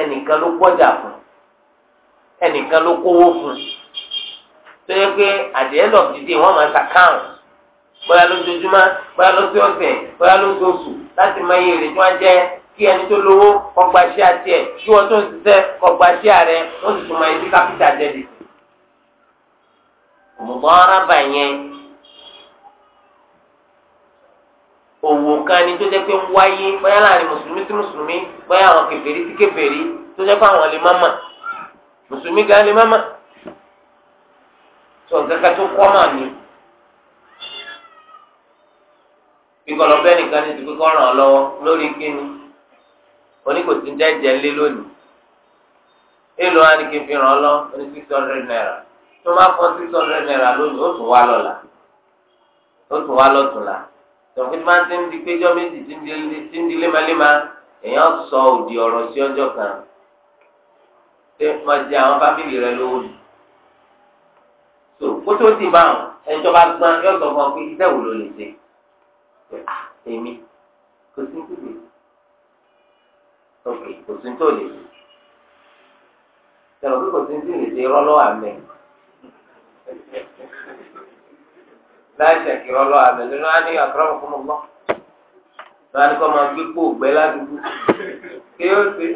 ẹnìkan ló kọjá fún ẹnìkan ló kówó fún tó yẹ pé àdéhùn ọ̀dídé wọ́n máa ṣàkáàrùn bóyá lójoojúmọ́ bóyá lóṣù ọ̀sẹ̀ bóyá lóṣooṣù láti mọ iye rẹ̀ tí wọ́n jẹ́ kí ẹni tó lówó kọgbà sí àti ẹ̀ kí wọ́n tó ń ṣiṣẹ́ kọgbà sí ààrẹ wọ́n sì tún mọ ibi kápítà jẹ́ dìde. òmùgbọ́n arábà yẹn òwò kan ni tó jẹ́ pé ń wáyé bóyá láàrin mùsùlùmí sí mùsùlùmí bóyá àwọn kèfèrí sí kèfèrí tó jẹ́ pé àwọn lè má mà mùsùlùmí gan lè má mà tó nǹkan kan tó kọ́ mà ní. kíkọ́lọ́ bẹ́ẹ̀ nìkan ní ti pé kọ́ ràn án lọ́wọ́ lórí kíni oníkòtí jẹ́jẹ́ lé lónìí èlò wa ni kí n fi ràn án lọ ní six hundred naira tó má fọ́ six hundred naira lónìí ó tún wá lọ́la ó tún wá lọ́tún la tọ̀hìn máa ti ń di péjọ́ méjì tí ń di lémaléma èèyàn sọ òdì ọ̀rọ̀ sí ọjọ́ kan ṣé wọ́n jẹ àwọn fámìlì rẹ lówó ni. tó kó tó ti bá wọn ẹni tó bá gbọ́n yóò sọ fún ọ pé iṣẹ́ wo ló lè ṣe ah, èmi kò sí tó lè ok kò sí tó lè ṣe ṣèlú kò sí tó lè ṣe rọ́lọ́wà mẹ́rin. láì tẹ̀kìrọ̀ lọ àbẹ̀ lónìí á ní àkàrà fún ọmọ lọ ní kọ́ máa gbígbó ògbẹ́ ládùúgbò ṣé ó ṣe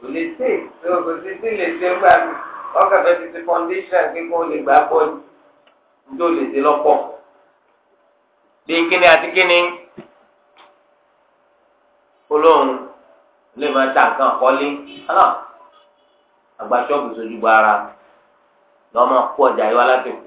kò lè ṣe ṣé o kò ṣe sí lè ṣe ńgbà mi ọkà fẹ́ ti ti foundation kíkún lè gbà pọ̀ jù nítorí lè ṣe lọ́pọ̀ bí kíni àti kíni olóhùn lè máa ta nǹkan kọ́lé àgbàṣọ́ọ̀bù sojú bọ ara lọ́mọ kú ọjà yọ aláṣẹ kù.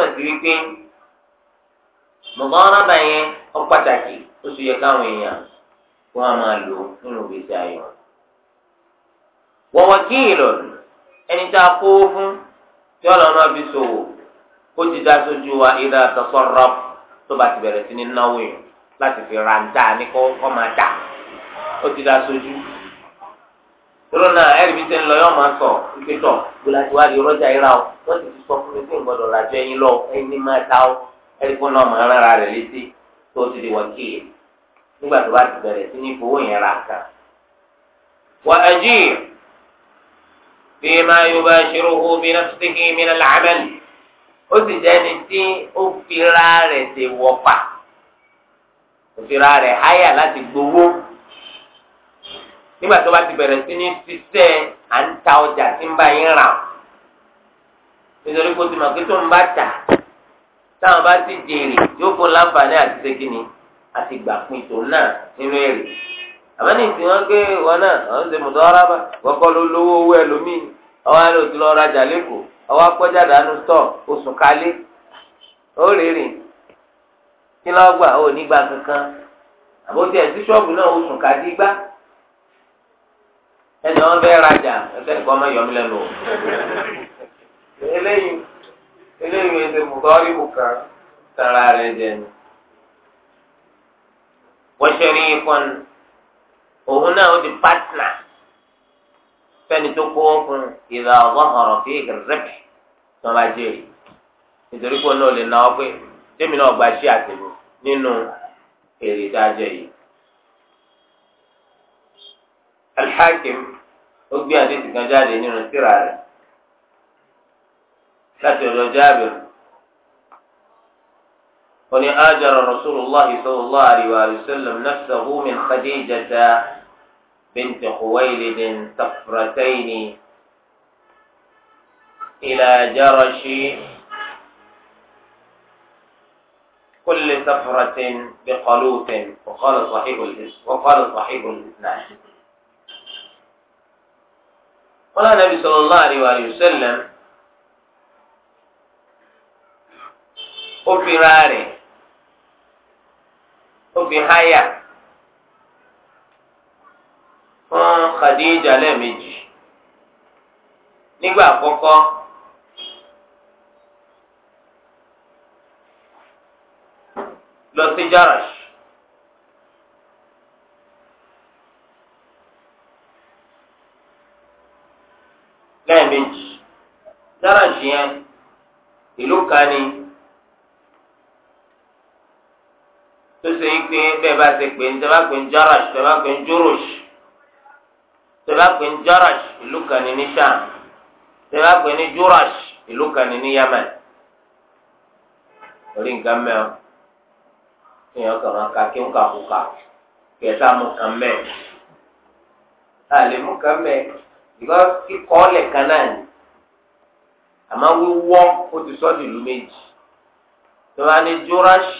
túmọ̀ sí wípé mọ̀gánrábà yẹn ó pàtàkì ó sì yẹ káwọn èèyàn kó wọn máa lò nínú ìgbésí ayé wọn. wọ̀wọ̀ kí ìlọ̀lù ẹni tá a kó fún tí ọlọ́run ọbí sòwò ó ti dá sójú wa ìdá tọ́sọ́rọ́ tó bá ti bẹ̀rẹ̀ sí ní náwó yìí láti fi ra ń dá ní kó máa dà ó ti dá sójú tóró náà ẹ̀rí mi sẹ́ni lọ yọ máa sọ ike tọ̀ gbọ́lájú wa di rọ́jà ira o wọ́n ti sọ fún mi pé n gbọ́dọ̀ làjọ ẹyin lọ ẹni máa ta o ẹ̀rí fún náà máa rárá rẹ̀ létí tó ti di wákìlì nígbà tó bá ti bẹ̀rẹ̀ sí ní fowó yẹn ra kan. wà á jì bí máa yọ bá ṣerú owó bí náà ti kí mi náà làámẹ́lì ó sì jẹ́ ẹni tí ó fi ra ṣe wọ́pà ó fi ra háyà láti gbowó. nígbà tó bá ti bẹ̀rẹ̀ sí ní ṣiṣẹ́ à ọjà tí ń bá yín rà nítorí kó ti mọ̀ pé tó ń bá tà táwọn bá ti jèrè yóò fún láǹfààní àti ṣégini àti gbà pin tòun náà nínú èrè àmọ́ ní ìsìn wọn náà àwọn ṣe ló lówó owó ẹlòmíì ọwọ́ àlọ́ rajà lẹ́kọ̀ọ́ ọwọ́ akọ́jà dànù oṣù ó rèrè kí lọ́gbà ní gbà kankan àbótiẹ̀ ẹni wọn fẹ́ rajà ẹsẹ̀ nìkan ọmọ yọmí lẹ́nu o. eléyìí eléyìí ẹsẹ̀ bùkọ́rí bùkà tara rẹ̀ jẹ ni. wọ́n ṣe rí ikán òun náà ó di pátínà fẹ́ni tó kó fún ìlà ọgọ́họ̀rọ̀ fi rẹ́pì tó bá nítorí pé ó náà lè náwó pé tèmi náà gba ṣí àtẹ̀mí nínú èrè tá a jẹ yìí. alḥakim ó gbé àdéhùn kan jáde nínú síra rẹ̀ láti ọ̀dọ̀ jábìrì wọ́n ní ájára rasulillahi sallallahu alayhi wa sallam nafsahu min khadijata binti khuwaylidin safratayni ila jarashi كل سفرة بقلوب وقال صاحب وقال صاحب الإسناد wọn lọ nàbì sallallahu alaihi wasallam ó fi ra rẹ̀ ó fi háyà fún Khadija lẹ́ẹ̀mejì nígbà àkọ́kọ́ lọ sí Jarash. kan ni tó ṣe yí pé bẹ́ẹ̀ bá ṣe pé ntẹ́ bá pé ń jarash tẹ́ bá pé ń jorosh tẹ́ bá pé ń jarash ìlú kan ni ní sham tẹ́ bá pé ní jurash ìlú kan ni ní yemen orí nǹkan mẹ́wọ́ èèyàn kàn máa ka kí ń kà kú kà kẹta mú kan mẹ́ àlè mú kan mẹ́ ìgbà kíkọ́ ọ̀lẹ̀ kan náà ni àmọ́ wíwọ́ ó ti sọ di ìlú méjì tó bá Jurash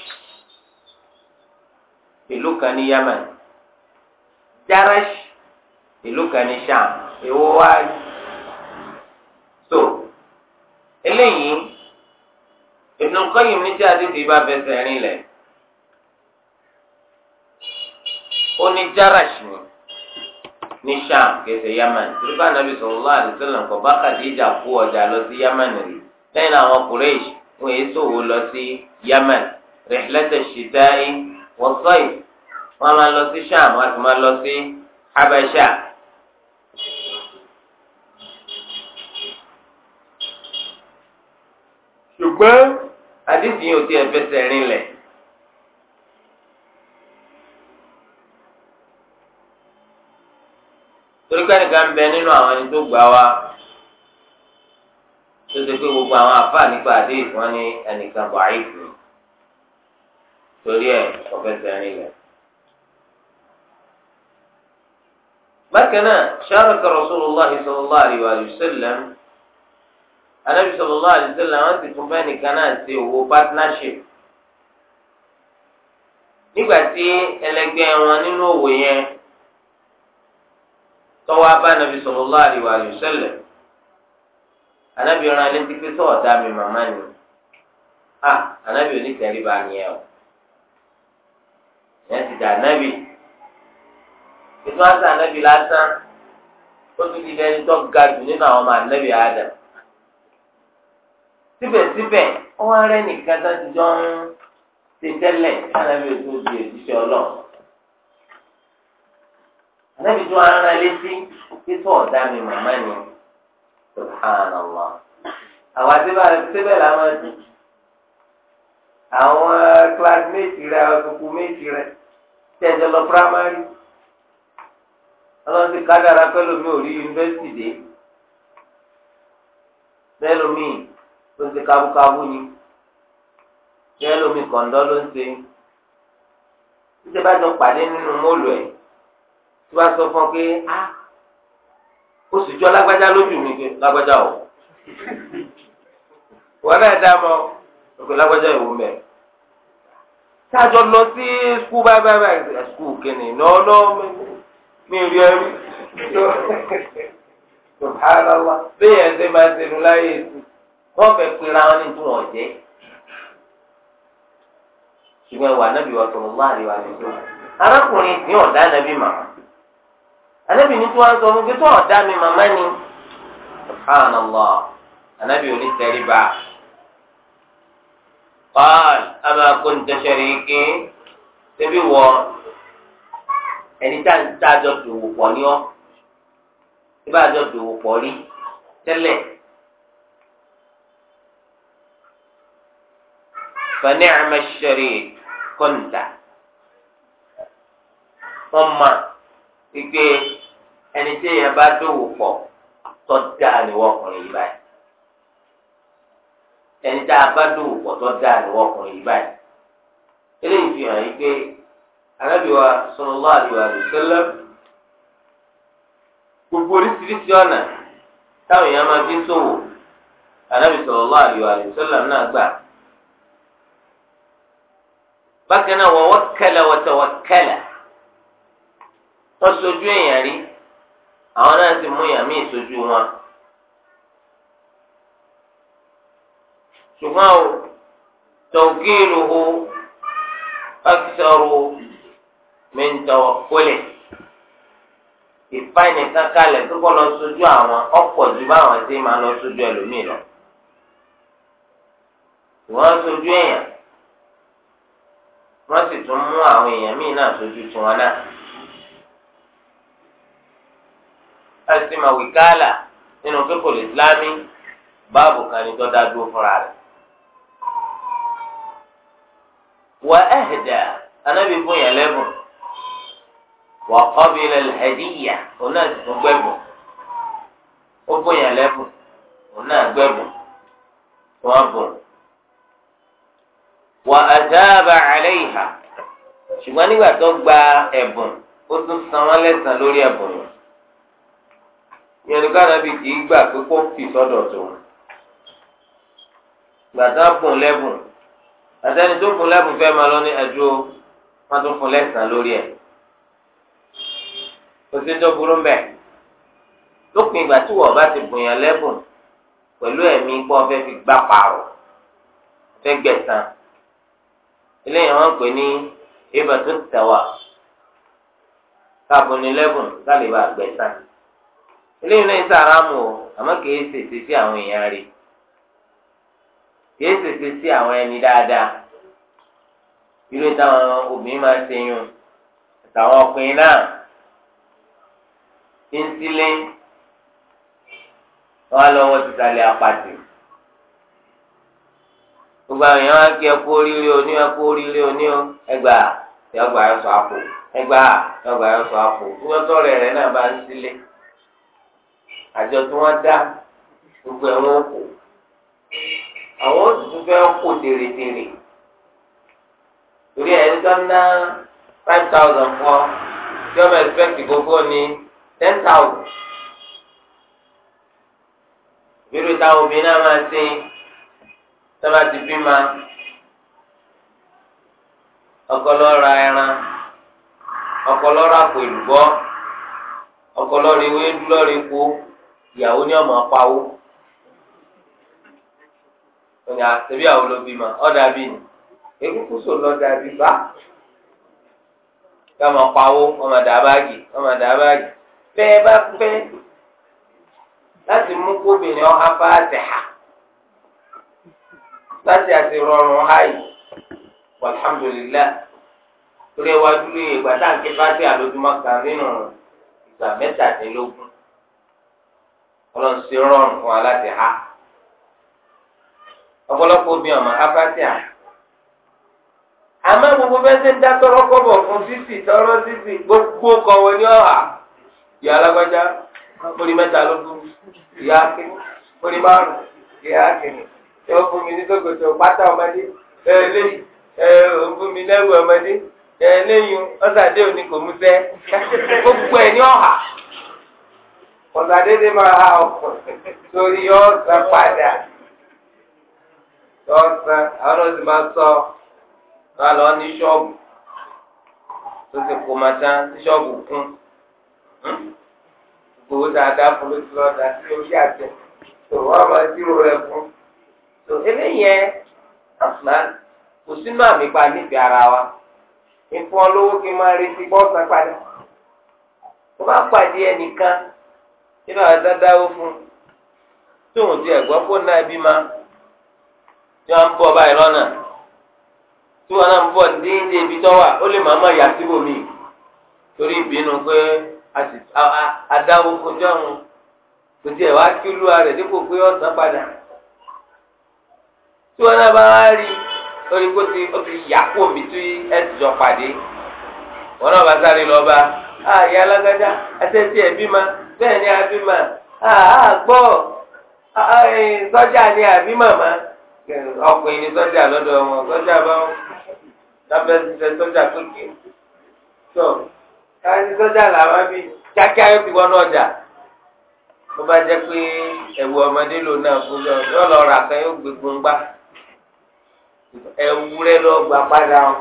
ìlú kan ní Yemen Jarash ìlú kan ní Sham èwo wá so eléyìí Ibn Qayyim ní tí bá fẹsẹ̀ rìn lẹ̀ ó ní Jarash ni ní sham kẹsẹ̀ yamani tìrúkà nàbì sallallahu alaihi wasallam kọ bá Khadija kó ọjà lọ sí yamani rí lẹ́yìn àwọn Quraysh wọn èyí sòwò lọ sí yamani rihlata shita'i was-sayf wọn máa lọ sí sham wọn sì máa lọ sí habasha. ṣùgbọ́n àdìsí yìí ò tiẹ̀ fẹsẹ̀ rinlẹ̀. torí pé nìkan bẹ nínú àwọn ẹni tó gbà wá tó ṣe pé gbogbo àwọn àfáà nípa àdé ìfọn ní ẹnìkan bọ̀ àìkú torí ẹ̀ ọ̀fẹ́sẹ̀ rìn lẹ̀. bákan náà sharaka Rasulullah sallallahu alaihi wa sallam anabi sallallahu alaihi wa sallam wọn ti tún bẹ́ẹ̀ náà ṣe owó partnership nígbà tí ẹlẹgbẹ́ wọn nínú òwò yẹn tọwọ abánabi sallallahu alaihi wa sallam anabi ọ̀ràn alẹ́ ti pé sọ̀rọ̀ dá mi màmá ni a anabi onítẹ̀rí bá ní ẹ o yẹn ti dà anabi ètò àti anabi lásán ó tún ti dẹni tó ga jù nínú àwọn ọmọ anabi àdà síbẹ̀síbẹ̀ ọwọ́ rẹ nìkan tó ti jọ ń ṣe tẹ́lẹ̀ anabi ò tó di èjìṣẹ́ ọlọ́run ànábì tó ara rẹ létí títọ́ ọ̀dá mi màmá ni subhanallah àwọn àtibẹ̀ la máa dùn àwọn classmate rẹ àwọn kúkú mate rẹ tẹ̀sán lọ primary ọlọ́run ti kádàrá pẹ́lú mi ò rí yunifásitì dé pẹ́lú mi ó ń ṣe kábúkábú ni pẹ́lú mi kọ̀ńdọ́ ló ń ṣe ń ṣe bá jọ pàdé nínú mọ́ọ̀lù ẹ̀ tó bá sọ fún ọ pé a ó sì jọ lágbájá lójú mi pé lágbájá o wọn náà dá mọ ọkọ lágbájá ìwò mẹ sáàjọ lọ sí skul báyìí báyìí skul kìnnì náà náà mi rí ẹ rí subhanallah bẹ́ẹ̀ ẹ̀ ṣe máa ṣe nu láyé ètò wọ́n fẹ́ pinra wọn ní tí wọ́n jẹ́ ṣùgbọ́n ìwà náà bí wọ́n sọ̀rọ̀ wá àríwá nìjọ arákùnrin tí ọ̀dá nàbí màmá anabi ní tí wọn sọ fún mi tó ọdá mi màmá ni subhanallah anabi ò ní tẹrí ba qaal ama kunta shariki ṣebí wọ ẹni tá tá a jọ dòwò pọ̀ ní ọ tí bá a jọ dòwò pọ̀ rí tẹ́lẹ̀ fa ni'ma sharik kunta wọn máa ẹni tí èèyàn bá dòwò pọ̀ tó dáa ni wọ́n ọkùnrin yìí báyìí ẹni tá a bá dòwò pọ̀ tó dáa ni wọ́n ọkùnrin yìí báyìí eléyìí fi hàn yí pé anábìwá sallallahu alaihi gbogbo oríṣiríṣi ọ̀nà táwọn èèyàn máa fi ń ṣòwò anábì sallallahu alaihi wasallam náà gbà bákan náà wa wakkala wa tawakkala wọ́n èèyàn rí. àwọn náà ti mú ìyàmí ìsojú wọn. ṣùgbọ́n o tawkiluhu aksaru min tawakkulih ìfáìní kankanlẹ̀ tó kọ́ lọ sójú àwọn ọ̀pọ̀ ju báwọn ti máa lọ sójú ẹlòmíì lọ. wọ́n sójú èèyàn wọ́n sì tún mú àwọn èèyàn míì náà sójú tiwọn náà. ẹsìn ma nínú kíkòlù ìsìlámì báàbù kan ní tọ́da dúró fúnra rẹ̀. wà ahda anábì fún yẹn lẹ́bùn wà qabila al-hadiyya òun náà tún gbẹ̀bùn ó fún yẹn lẹ́bùn òun náà gbẹ̀bùn wọ́n bùn. wà ṣùgbọ́n nígbà tó gba ẹ̀bùn ó tún san yẹn ní kánábì kì í gbà pé kó fi sọ́dọ̀ tòun gbàtà bùn lẹ́bùn àtẹni tó bùn lẹ́bùn fẹ́ máa lọ ní ẹjọ́ wọn tún fún lẹ́sàn-án lórí ẹ̀ kò sí tó burú mbẹ́ lópin ìgbà tí wọ́n bá ti bùn yàn lẹ́bùn pẹ̀lú ẹ̀mí pọ́ fẹ́ fi gbà pààrọ̀ fẹ́ gbẹ̀san eléyìí wọ́n ń pè ní ibà tó tẹ̀wà káàbùn ní lẹ́bùn ká lè bá gbẹ̀san. eléyìí náà ṣe àràmù o àmọ́ kìí ṣèṣe sí àwọn èèyàn rí kìí ṣèṣe sí àwọn ẹni dáadáa irú táwọn obìnrin máa ń yún àtàwọn ọkùnrin náà ti ń sílé wọn á lọ́wọ́ ti sàlẹ̀ apàtì gbogbo àwọn èèyàn wá kí ẹ oríire oní ẹ oríire oní ẹgbà ẹgbà ẹ àpò ẹgbà ẹgbà ẹ àpò tí àjọ tí wọ́n dá gbogbo ẹ̀wọ̀n kò àwọn oṣù fẹ́ kò dèrèdèrè torí ẹni tó ná five thousand fọ yọmọ ẹ̀sìpẹ́kì gbogbo ní ten thousand bírò táwọn obìnrin náà máa ṣe sábà ti bí ma ọkọlọ ra ẹran ọkọlọ ra pẹ̀lú bọ́ ọkọlọ rí wéé dúlọ́ rí kú ìyàwó ni ọmọ apáwó ọ̀nà àtẹ̀bí àwọn olóbìmọ̀ ọ̀dà bí ni ekúkú sò lọ́dà bí bá kí ọmọ apáwó ọmọ dà báàgì ọmọ dà báàgì pẹ́ bá pẹ́ láti mú kóbìnrin ọ̀há bá tẹ̀ ha láti àti rọrùn háyì alhamdulilayi torí ẹwà dúró yẹ gbàtà ń ké bá dé àlójúmọ́ kan nínú ìgbà mẹ́tàdínlógún. ọlọ́run ṣe rọrùn fún wa láti há ọ̀pọ̀lọpọ̀ obìnrin ọ̀mọ̀ abátíà àmọ́ gbogbo bẹ́ẹ̀ ṣe ń kọ́bọ̀ fún sísì tọrọ sísì gbogbo kọ̀wé ní ọ̀hà ìyá alágbájá orí mẹ́ta ló kú ìyá akínní orí márùn ìyá fún mi ní sọ́kòtò pátá ọmọdé ẹ ẹ fún mi lẹ́rù ọmọdé ẹ ọ̀sàdé òní kò mú ọ̀sà dédé máa ha ọ̀pọ̀ torí ọ̀sán padà ọ̀sán àwọn náà sì máa sọ máa lọ ní ṣọ́ọ̀bù tó ti kó máa tán ní ṣọ́ọ̀bù kún hmm? gbogbo dáadáa fún lóṣù lọ́dà sí orí àjẹ tó wọ́n máa dúró rẹ̀ fún. tó eléyẹn àfúnán kò sínú àmì pa níbi ara wa ìfún olówó kí n máa retí bọ́ọ̀sán padà tó bá pàdé ẹnìkan. kí náà dádáwó fún ti ẹ̀gbọ́ kó na bí ma tí wọ́n ń bọ̀ báyìí lọ́nà tí wọ́n náà ń bọ̀ díndé ibi tó wà ó lè má má yà síbò mí torí ìbínú pé kò tiẹ̀ wá kí olúwa rẹ̀ dípò pé ọ̀sán padà tí wọ́n náà bá wá rí kó ti ó ti yà kó omi tí ti jọ pàdé wọ́n náà bá sáré lọ bá a ah, yà alágájá tí ẹ bí ma. bẹ́ẹ̀ ni abima àgbọ̀ sọ́jà ni àbí màmá ọkùnrin ni sọ́jà lọ́dọ̀ wọn sọ́jà bá wọn lábẹ́ ṣiṣẹ́ sọ́jà sókè tó káyọ̀ sọ́jà làwọn bí kíákíá yóò ti wọ́n ọjà tó bá jẹ́ pé ẹ̀wù ọmọdé lò náà fún yọ yọ lọ rà kan yóò gbé gbóngbá ẹ̀wù rẹ lọ gbà padà wọn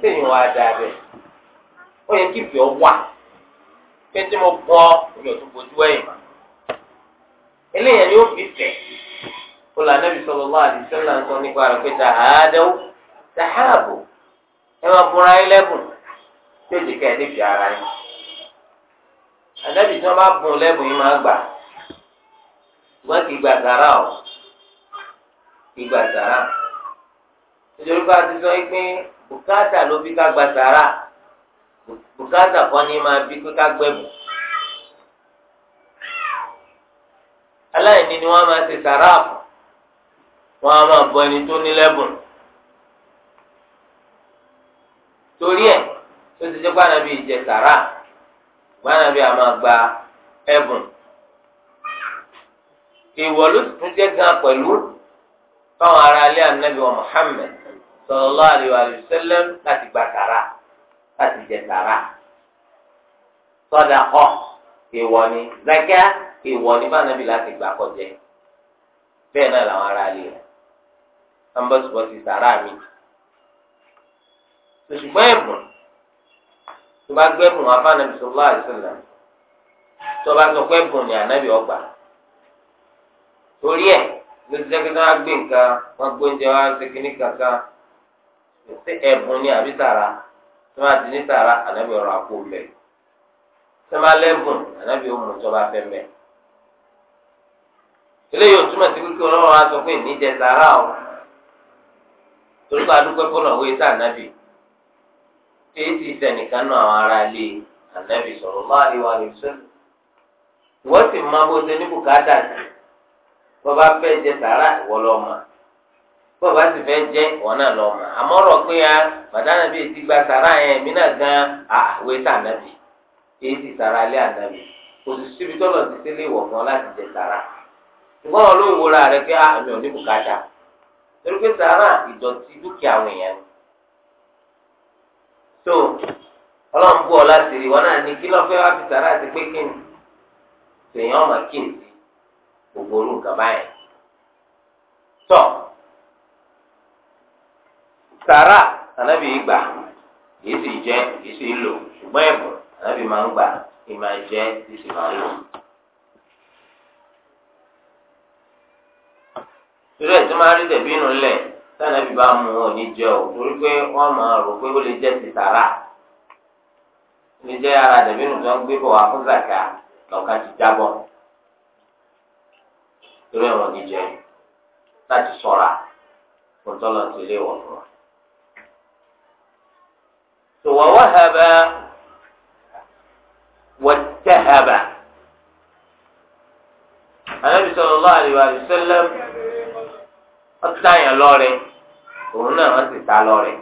téèyàn wá dáa bẹ́ẹ̀ ó yẹ kí ìfẹ́ wà. pé mo gbọ́ mi ò tún bójú ẹ̀yìn mọ́ eléyàn yóò fi tẹ̀ kó la nẹ́bí sallallahu alaihi wasallam sọ nípa rẹ̀ pé tàhádẹ́wò tàhábò ẹ máa lẹ́bùn tí ó ká ẹ níbi ara tí wọ́n bá bùn lẹ́bùn máa gbà o ti sọ pé bùkátà ló bùkátà kan ní máa bí pé ká gbẹ̀bù. aláìní ni wọ́n máa ṣe sàráàfù wọ́n máa bọ ẹni tó ní torí ẹ̀ tó ti jẹ́ gbànàbí ìjẹ sàrà gbànàbí a máa gba ẹbùn. ìwọ ló tún pẹ̀lú fáwọn Muhammad wa sallam gba sàrà. láti jẹ sàrà sọdà kọ ìwọ ni zakia ìwọ ni bá nàbí láti gbà kọjẹ bẹ́ẹ̀ náà làwọn ará ilé rẹ ambọsibọsi sàrà mi ṣùgbọ́n ẹ̀bùn tó bá gbẹ́bùn wọn afánàbí sallallahu alaihi wasallam tó bá sọ pé ẹ̀bùn ni ànábì ọgbà torí ẹ̀ ló ti dẹ́gbẹ́ náà gbé nǹkan wọn gbóúnjẹ wá ṣe kíní kankan ẹ̀bùn ni àbí sàrà tó máa ti ní sàrà ànábì ọ̀rọ̀ àpò mbẹ tó máa lẹ́bùn ànábì ọmọ tó bá fẹ́ mbẹ. eléyìí ò túmọ̀ sí kíkẹ́ ọlọ́run wa sọ pé ìníjẹ sàrà o torí ká dúpẹ́ fún ọ̀wé sá ànábì tí èyí ti sẹ̀nìkan náà àwọn ará ilé ànábì sọ̀rọ̀ máa rí wa rí wọ́n sì máa bó ṣe ní bùkátà sí wọ́n bá fẹ́ jẹ sàrà ìwọ́lọ́mọ bọ́ọ̀ bá sì fẹ́ jẹ́ wọn náà lọ mọ̀ àmọ́ pé a ah, bàdánà bíi ti gba sàrà yẹn mí náà gan àwé tà nàbì èyí ti sàrà lé ànàbì kò sì síbi tọ́lọ̀ ti wọ̀ láti jẹ sàrà ṣùgbọ́n wọn ló rẹ pé a ah, mi ò ní sàrà ìdọ̀tí dúkìá àwọn èèyàn ni. tó ọlọ́run bú ọ láti rí wọn náà ní kí sàrà ti pé kí ọmọ kí gbogbo sàrà ànábì gbà yìí sì jẹ yìí sì lò ṣùgbọ́n ẹ̀bùn ànábì máa ń gbà yìí máa jẹ yìí sì máa lò. irú ẹ̀ máa rí dẹ̀bí inú lẹ̀ sànábì bá mú wọn ní jẹ o torí pé wọ́n máa rò pé ó lè jẹ́ ti sàrà ara dẹ̀bí inú gbé bọ̀ wá fún zàkà lọ́ka ti jábọ̀ ووهب واتهب النبي صلى الله عليه وسلم wọ́n ti àyàn lọ́rẹ̀ òun náà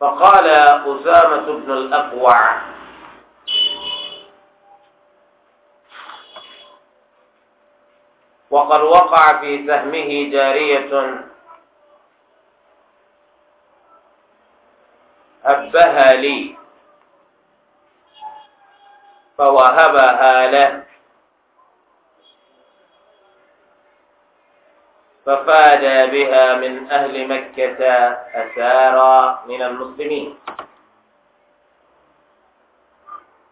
فقال أسامة بن الأقوع وقد وقع في سهمه جارية حبها لي فوهبها له ففادى بها من أهل مكة أسارا من المسلمين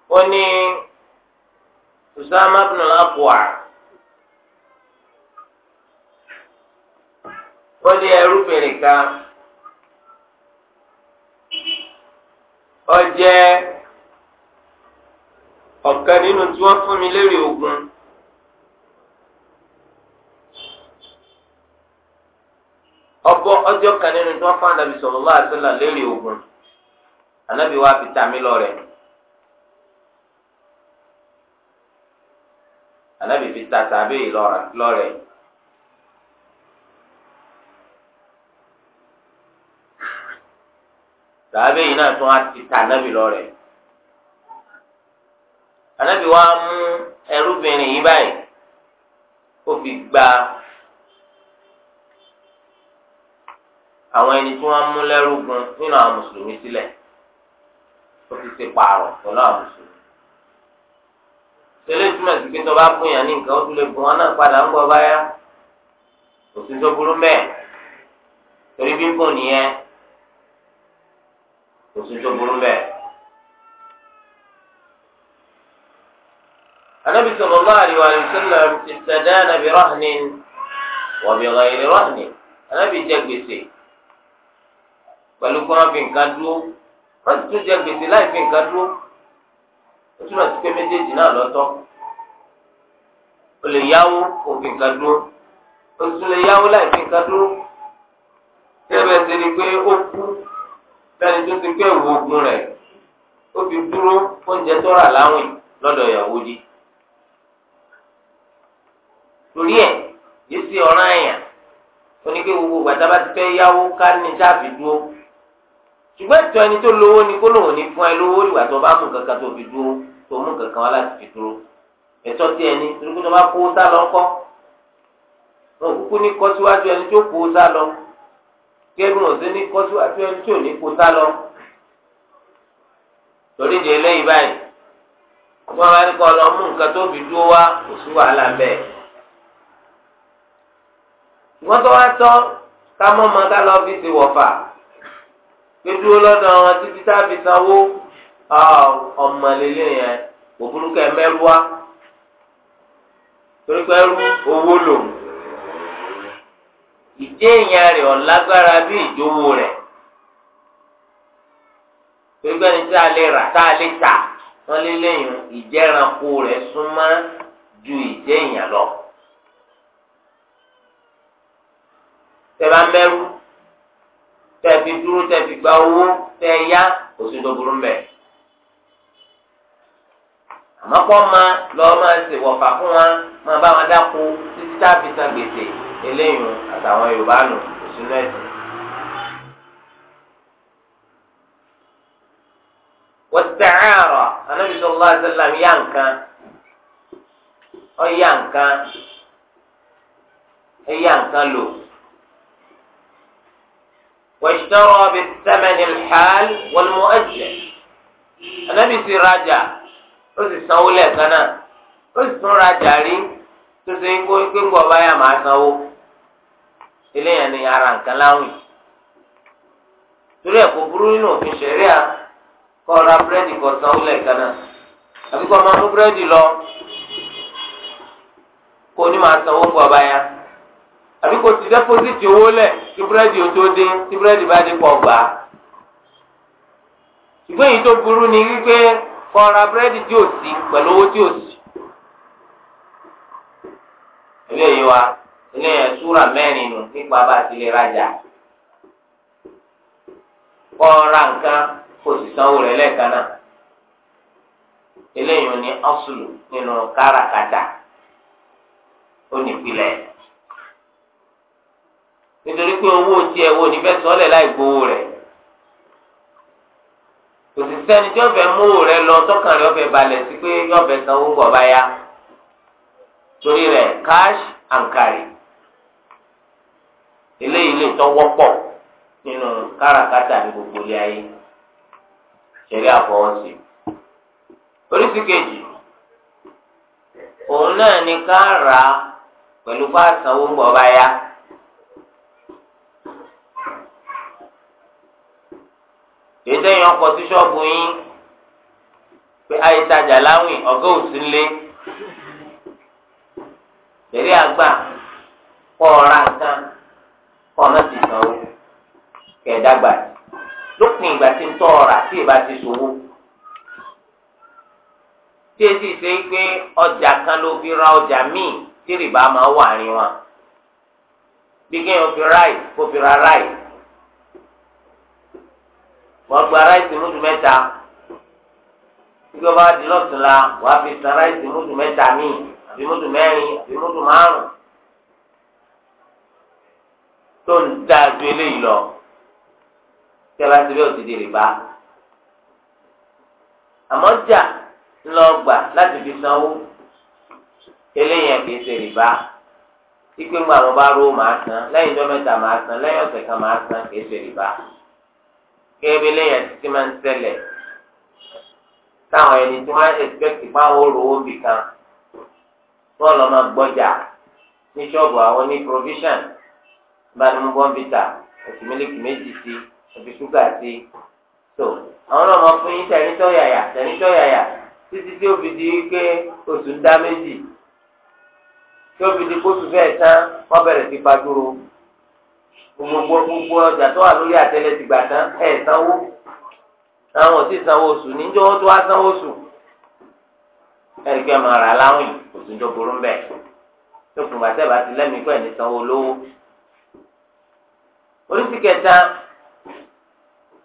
وني أسامة بن الأقوع wọ́n di ọjẹ ọ̀kan nínú tí wọ́n fún mi lérè ogun. ọbọ ọjọ́ kan nínú tí wọ́n fún anabi sallallahu ogun anabi wa fi tàmí lọ lọ rẹ. sàábé yìí náà tún á ti ta anábì lọ rẹ̀ anábì wa mú ẹrúbìnrin yìí báyìí ó fi gba àwọn ẹni tí wọ́n mú lẹ́rúgun nínú àwọn mùsùlùmí sílẹ̀ ó fi ṣe pààrọ̀ pẹ̀lú àwọn mùsùlùmí tẹ́lẹ̀ túmọ̀ sí pé tó bá fún yàn ní nǹkan ó tún lè fún wọn náà padà ń bọ̀ báyà òsì burú mẹ́ẹ̀ torí bí ń bò nìyẹn kò sí tó burú bẹ́ẹ̀. النبي صلى الله عليه وسلم استدان برهن وبغير رهن النبي jẹ gbèsè pẹ̀lú kí wọ́n fi nǹkan dúró wọ́n ti tún jẹ gbèsè láì fi nǹkan dúró ó túmọ̀ sí pé méjèèjì náà lọ́tọ̀ o lè yáwó kò fi nǹkan dúró o tún lè yáwó láì fi nǹkan dúró tẹ́lẹ̀ bẹ́ẹ̀ ṣe pé ó kú fẹ́ni tó ti pé ìwò ogun rẹ̀ ó fi dúró oúnjẹ tó rà láwìn lọ́dọ̀ ìyàwó di. torí ẹ̀ yìí sí ọ̀ràn ẹ̀yàn oníke gbogbo gbàtà bá ti fẹ́ yáwó ká ní sáàfì dúró ṣùgbọ́n ìtọ́ ẹni tó lówó ni kó lòun ní fún ẹ lówó ìwà tó bá mú kankan tó fi dúró tó mú kankan wá láti fi dúró ẹ̀tọ́ tí ẹni torí pé tó bá kó sá lọ ńkọ́ ní kọ́ síwájú ẹni tó kó sá lọ kébùn òsè ní kọ́sí wá fíẹ́ tí ò ní kó sá lọ. torí di eléyìí báyìí wọ́n máa ń kọ́ lọ mú nǹkan tó fi dúró wá kò sí wàhálà bẹ́ẹ̀. wọ́n tó wá tán ká mọ́ ọmọ ká lọ fi ti wọ̀fà pé dúró lọ́dọ̀ wọn títí tá a fi sanwó ọmọ yẹn kò burúkú ẹ wá torí pé ẹrú owó lòun ìdí èèyàn rẹ̀ ọ̀lágbára bí ìjówó rẹ̀ gbogbo ẹni tá a lè rà tá a lè tà wọ́n lé lẹ́yìn ìjẹ́ranko rẹ̀ súnmọ́ ju ìdí èèyàn lọ. tẹ̀bá mẹ́rú tẹ̀fi dúró tẹ̀fi gba owó tẹ̀ yá oṣù tó burú mbẹ̀. àmọ́ kọ́ máa lọ́ọ́ máa ṣèwọ̀fà fún wa máa bá wọn dáko títí tá a fi san gbèsè eléyìí àtàwọn yorùbá nù kò sínú ẹ̀sìn. wọ́tẹ̀ẹ́rọ̀ anábì sallallahu alaihi wasallam yá nǹkan ọ yá nǹkan ẹ nǹkan lò. واشترى بالثمن الحال والمؤجل anábì sì rajà ó sì sanwó lẹ́ẹ̀kan náà ó sì tún rajà rí tó ṣe ń gbọ́ báyà máa sanwó. eléyàn ni ara nǹkan láwìn torí ẹ̀kọ́ burú nínú òfin ṣẹ̀ríà kọ́ ra búrẹ́dì kọ́ sanwó lẹ́ẹ̀kan náà àbí kọ́ máa mú búrẹ́dì lọ kó ní máa sanwó fún ọba ya àbí kó ti dẹ́pọ́sìtì owó lẹ̀ tí búrẹ́dì ó tó dé tí búrẹ́dì bá dé pọ̀ gbà á ṣùgbọ́n tó burú ni wípé kọ́ ra búrẹ́dì tí ò sí pẹ̀lú owó tí ò sí. ẹ̀mí wa. ele súra mẹ́rin nù nípa bá a ti lè rajà kọ́ ra nǹkan kó sì sanwó rẹ̀ lẹ́ẹ̀kan náà eléyàn ní ọ́sùlù nínú káràkátà ó nípìlẹ̀ nítorí pé owó tiẹ̀ wo ni fẹ́ sọ́lẹ̀ láì gbowó rẹ̀ kò sì sẹ́ni tí rẹ̀ lọ tọ́kàn rẹ̀ ọ̀fẹ́ balẹ̀ sí pé sanwó gbọ̀ cash and eléyìí lè tọ́ wọ́pọ̀ nínú káràkátà ní gbogbo ilé ayé ṣẹlẹ̀ àfọwọ́sí. oríṣi kejì òun náà ni ká rà pẹ̀lú bá sanwó gbọ́ bá yá. ètò èèyàn ọkọ̀ sí ṣọ́ọ̀bù yín pé ayé láwìn ọ̀gá òsì ọ̀nà ti sanwó kẹ̀ẹ́dàgbà lópin ìgbà tí ń tọ́ ọ̀rà tí ìbá ti sòwò tí etí ṣe é pé ọjà kan ló fi ra ọjà míì tí rìbá máa wà ní wọn bí kéèyàn fi ráì kó fi ra ráì wọ́n gba ráìsì múdù mẹ́ta tí wọ́n bá di lọ́sùn la wọ́n á fi san ráìsì múdù mẹ́ta míì àbí múdù mẹ́rin àbí múdù márùn tó ń dáa ju eléyìí lọ tí a bá ti bẹ́ẹ̀ ò ti di rìbá àmọ́ jà ńlọ gbà láti fi sanwó eléyìí ẹ̀ kìí ṣe rìbá ipe ń gba àwọn bá ró màá san lẹ́yìn ọjọ́ mẹ́ta màá san lẹ́yìn ọ̀sẹ̀ kan màá san kìí ṣe rìbá kébí lẹ́yìn ẹ̀sìn tí máa ń ṣẹlẹ̀ táwọn ẹni tí wọ́n ẹ̀sìpẹ́kì fáwọn olówó bì kan wọ́n lọ ní ṣọ́ọ̀bù àwọn ní provision bá ní wọn fi ta òsì mílíkì méjì sí òfi ṣúgà sí tó àwọn ọmọ fún yín tẹnitọ yàyà tẹnitọ yàyà títí tí ó fi di pé oṣù dá méjì tí ó fi di kóṣù bẹ́ẹ̀ tán wọ́n bẹ̀rẹ̀ sí pàdúró gbogbo gbogbo ọjà tó wà lórí àtẹlẹ ti gbà tán ẹ̀ sanwó àwọn ò sì sanwó oṣù níjọ́ wọ́n tó wá sanwó oṣù ẹ̀ríkẹ́ máa rà láwìn oṣù tó burú bẹ́ẹ̀ tó fún gbàtẹ́ bá ti lẹ́mìí pẹ̀ ní lówó oríṣi kẹta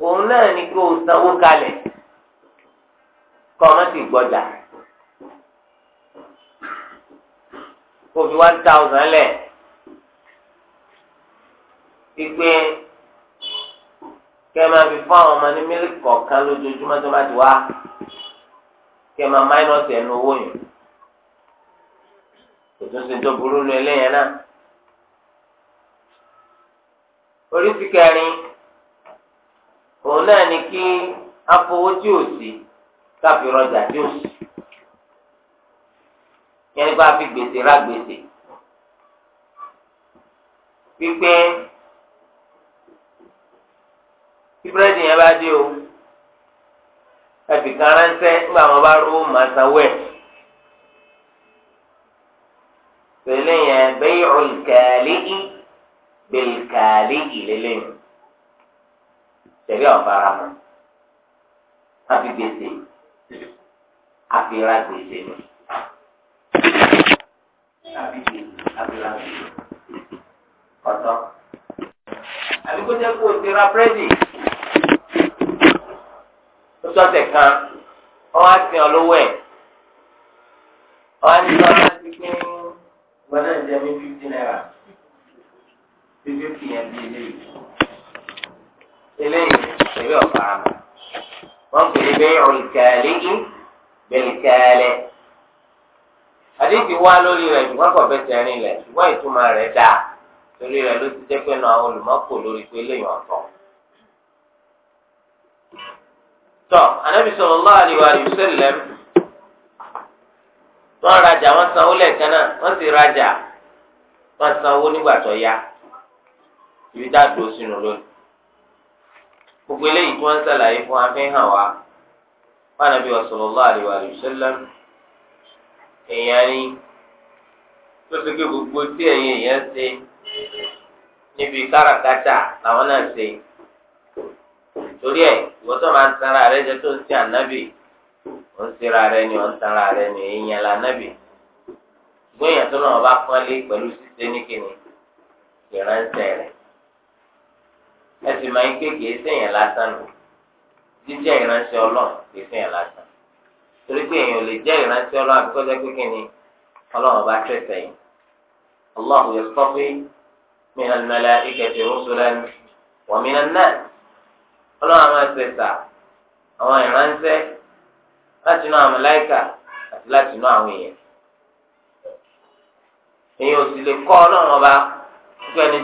òun náà ni kó o sanwó kalẹ̀ kọ́ ọ má ti gbọ́jà kó o fi one thousand lẹ̀ ìpè kẹ́ máa fi fún àwọn ọmọ ní mílíkì kọ̀ọ̀kan lójoojúmọ́ tó bá ti wá kẹ́ máa máínọ̀sì ẹnu owó yẹn kò tún ṣe tó burú lu ẹlẹ́yìn náà oríṣi kẹrin òun náà ni kí afowó tí ò sí káfi rọjà tí ò sí yẹn bá fi gbèsè rà gbèsè wípé tí búrẹ́dì yẹn bá dé o ẹbí kan ránṣẹ́ nígbà wọn bá rówó màá pẹ̀lú yẹn bẹ́ẹ̀ ọ̀lùkẹ́lẹ́ yìí bilkaali ìlélẹ́yìn tẹ̀lé ọ̀bára mọ́ àfi gbèsè àfi ra gbèsè ni àfi gbèsè àfi ra gbèsè ọ̀tọ̀ àbí kó jẹ́ kó o ti ra búrẹ́dì ó sọ̀tẹ̀ kan ọ wá sí ọ lówó ẹ̀ ọ wá ní sọ́ọ́ láti pín gbọ́dọ̀ jẹ́ mi fifty naira fífi fi yẹn di eléyìí eléyìí pẹ̀lú ọ̀pá wọn pè é bẹ́ẹ̀ ọ̀lìkàlẹ́ yìí bẹ̀lìkàlẹ́ àdéhùn wá lórí rẹ̀ ṣùgbọ́n kò fẹsẹ̀ rìn lẹ̀ ṣùgbọ́n ìtumọ̀ rẹ̀ dáa torí rẹ̀ ló ti jẹ́ pé náà àwọn olùmọ́kò lórí pé eléyìí ọ̀tọ̀. tọ́ anábì sallallahu alaihi wa sallam wọ́n rajà wọ́n sanwó lẹ́ẹ̀kan náà wọ́n sì rajà wọ́n sanwó nígbà tó yá. ibi tá a dúró sínú lónìí gbogbo eléyìí tí wọ́n ń sàlàyé fún afẹ́hàn wa wọn àbí èèyàn ni tó ti gbogbo tí ẹ̀yin èèyàn ṣe níbi káràkátà làwọn náà ṣe torí ẹ̀ ìwọ tó máa ń tanra rẹ jẹ tó ń ṣe ànábì ń ṣera rẹ ni ó ń tanra rẹ ni èèyàn là ànábì gbóyàn tó náà bá pọ́nlé pẹ̀lú ẹ sì máa ń ké kìí lásán nù jíjẹ́ ìránṣẹ́ Ọlọ́run kìí sèyàn lásán torí pé èèyàn lè jẹ́ ìránṣẹ́ Ọlọ́run àti kọjá pé kíni Ọlọ́run bá tẹsẹ yìí Allahu yastafi min al-malaikati rusulan wa min Ọlọ́run àwọn àwọn ìránṣẹ́ láti àwọn àti láti àwọn èèyàn èèyàn ò sì lè Ọlọ́run ọba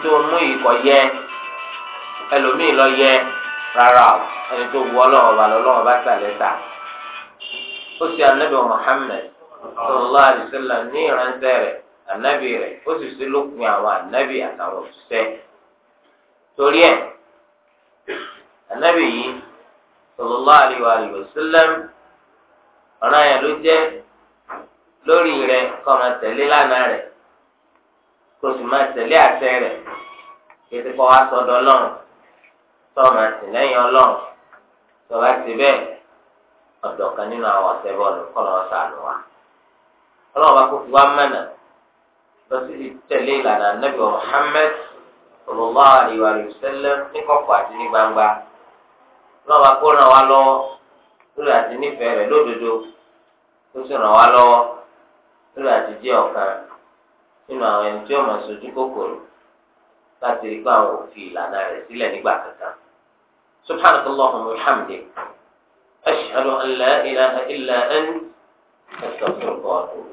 tó mú ẹlòmíì lọ yẹ rárá o ẹni tó wù ọlọ́wọ́ bá lọ́wọ́ bá sàlẹ̀ sà ó sì anabi Muhammad sallallahu alaihi wasallam ní ìránṣẹ́ rẹ̀ anabi rẹ̀ ó sì sí lópin àwọn anabi àtàwọn òṣìṣẹ́ torí ẹ̀ anabi yìí sallallahu alaihi wasallam ọ̀ràn yẹn ló jẹ́ lórí rẹ̀ kọ́mọ tẹ̀lé lánàá rẹ̀ kó sì máa tẹ̀lé àṣẹ rẹ̀ kí ẹ ti kọ́ wa sọ́dọ̀ Ọlọ́run. sọ̀rọ̀ àtìlẹ́yìn ọlọ́run ọlọrụ àti bẹ́ẹ̀ ọ̀dọ̀ kan nínú àwọn ọ̀sẹ̀ bọ́ọ̀lù kọ́nà ọ̀sà àlù ọlọ́run bá kó fi wá mẹ́nà lọ sí ti tẹ̀lé ìlànà ní kọ̀kọ̀ àti ní gbangba. ọlọ́run bá kó ràn wá lọ́wọ́ lórí àti nífẹ̀ẹ́ rẹ̀ lódodo ó sì ràn wá lọ́wọ́ سبحانك اللهم وبحمدك أشهد أن لا إله إلا أنت أستغفرك وأتوب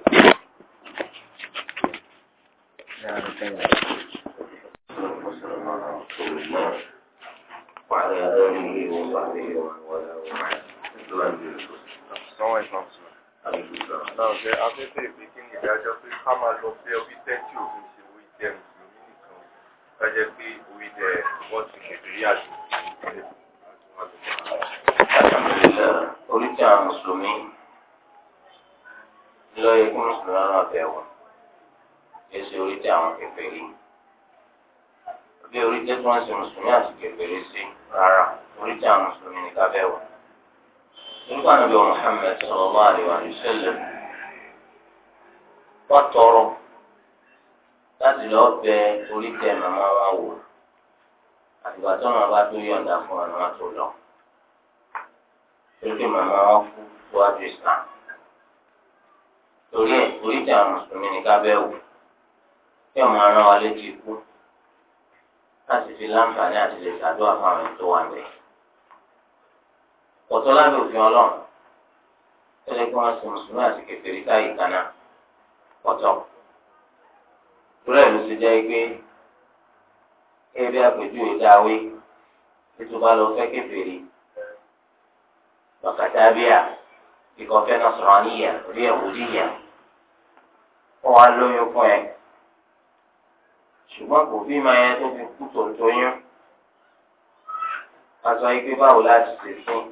وعلى آله وصحبه ومن والاه وبعد. Não, às kájẹ́ pé orí dẹ̀ wọ́n ti kẹ̀kẹ́rí àti orí tí àwọn mùsùlùmí lọ́yẹ kí mùsùlùmí náà bẹ̀wò èsì orí tí àwọn kèfèrí bí orí tí wọ́n ṣe mùsùlùmí àti kèfèrí sí rárá orí tí àwọn mùsùlùmí ní ká bẹ̀wò. nígbà náà bí Muhammad sallallahu alaihi wa sallam wọ́n tọrọ láti lọ bẹ orí tẹ màmá wa wò àtìgbà tó màmá tó yọ̀ǹda fún wa màmá tó lọ torí màmá wa kú síwájú islam torí ẹ orí tẹ àwọn mùsùlùmí ní ká bẹ wò kí ọmọ ara wa létí ikú láti fi láǹfààní àti lè ṣàdúrà fún àwọn ètò wa bẹ lábẹ́ òfin Ọlọ́run tẹ́lẹ̀ kí wọn sì mùsùlùmí àti kẹfẹẹrí káyìí kan náà rẹ̀ ló ṣe jẹ́ pé ebi àpèjúwe dáwé ètò bá lọ fẹ́ kéferì bàkàtà bíà ìkọ̀fẹ́ náà sọ̀rọ̀ níyà rí ẹ̀wòdìyà wọ́n wá lóyún fún ẹ ṣùgbọ́n kò bí máa yẹn tó fi kú tòǹtòyún a sọ pé báwo láti ṣe fún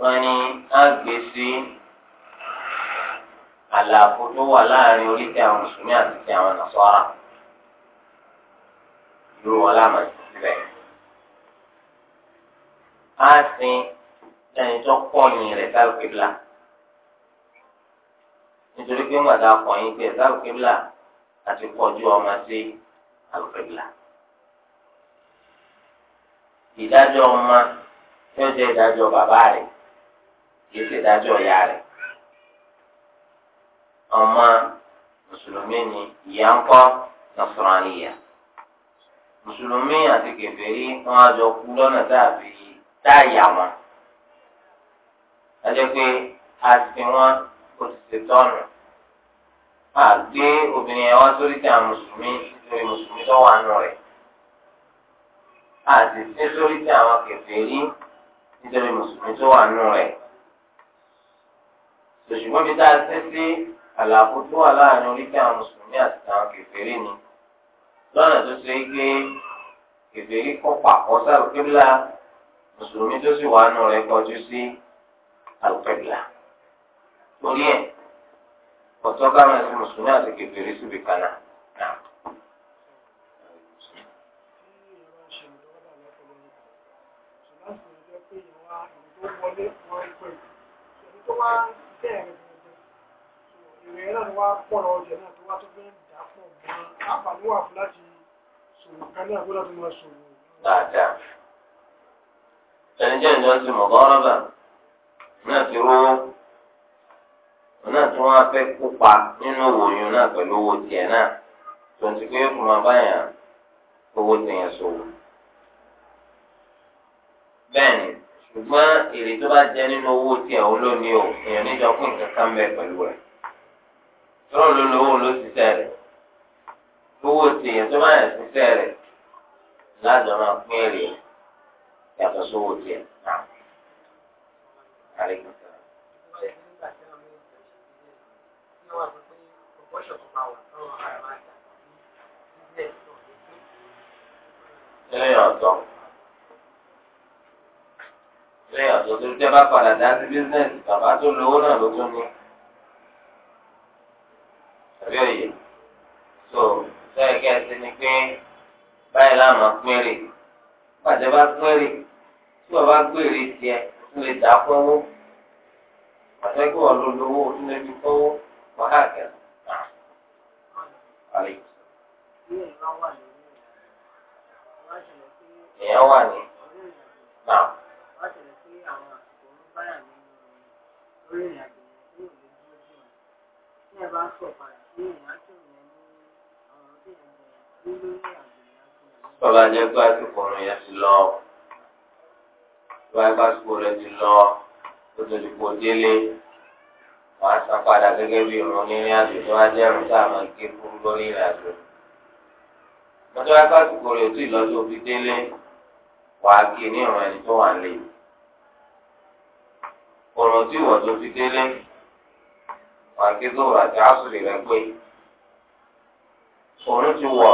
wọn ni a gbé sí àlàfo tó wà láàrin orí tí àwọn mùsùlùmí àti tí àwọn nàṣọ́ra dúró wọn láàmà síbẹ̀. á sin ẹni tó kọ̀yìn rẹ̀ sáré kébìlà nítorí pé wọn àdá kọ̀yìn pé sáré kébìlà àti kọjú ọmọ sí àlùkébìlà. ìdájọ́ ọmọ yóò jẹ́ ìdájọ́ bàbá rẹ̀ kì í ṣe ìdájọ́ ìyá rẹ̀. ọmọ musulumi ni ìyá ń kọ́ nasraniya àti kèfèrí wọn á jọ kú lọ́nà dàbí dáàyà wọn pé a ti wọn o sì tọ́nu. a gbé obìnrin ẹ̀ wá sórí tí a mùsùlùmí lórí wà rẹ̀ a ti ṣe sórí tí àwọn nítorí àlàfo tó wà láàrin oríkẹ́ àwọn mùsùlùmí àti àwọn kèfèrí ni lọ́nà tó ṣe é gbé kèfèrí kọ́ pàkọ́ sálùkébìlà mùsùlùmí tó sì wà nù rẹ̀ kọjú sí àlùkébìlà torí ẹ̀ ọ̀tọ́ káwọn ẹ̀sìn mùsùlùmí àti kèfèrí síbi kan náà. pọ̀rọ̀ ọjà náà tó wá tó fẹ́ dàpọ̀ mọ́ àǹfààní wà fún láti sọ̀rọ̀ kan náà kó láti máa sọ̀rọ̀. dáadáa ẹni jẹ́ ìjọ ti mọ̀ gọ́rọ́bà náà ti rówó náà tí wọ́n á fẹ́ kópa nínú òwòyún náà pẹ̀lú owó tiẹ̀ náà tó ti pé kò máa báyàn owó tẹ̀yàn sọ̀rọ̀. bẹ́ẹ̀ni ṣùgbọ́n èrè tó bá jẹ nínú owó tiẹ̀ o èèyàn níjọ pín kankan bẹ́ẹ̀ pẹ̀lú rẹ̀ lọ́rùn ló lówó ló ti tẹ̀ rẹ̀ owó tèèyàn tó máa ń ṣiṣẹ́ rẹ̀ lájọ máa pín èrè yàtọ̀ sówó tiẹ̀ náà. lẹ́yìn ọ̀tọ̀ lẹ́yìn ọ̀tọ̀ tó tẹ́ bá padà dá sí bísíǹnẹ̀sì bàbá tó lówó náà ló tún ní àbẹ́rẹ́ yìí so sọ́yìn kí ẹ ti ní pé báyìí láàmú péré pàṣẹ bá péré tí wọ́n bá gbèrè tiẹ̀ tún lè dà kọ́wọ́ pàṣẹ kí wọ́n lò lówó tún lè fi kọ́wọ́ wákàkẹ́ àlè. èèyàn wà ní Thank you bàbá jẹ́ pé àsìkò ọ̀run yẹn ti lọ bàbá jẹ́ pé àsìkò rẹ̀ ti lọ ó tó ti kó délé wàá san padà gẹ́gẹ́ bí irun nírin àjò tó wá jẹ́ irun tá a máa gé kúrú lórí ìrìn àjò. mọ́tò wá pàṣípò rẹ̀ tó ìlọ́jọ́ òbí délé wàá gé ní irun ẹni tó wà lé. òrùn tí ìwọ̀n tó fi délé wà á gé zòwò àti asùlì rẹ pé òun ti wọ̀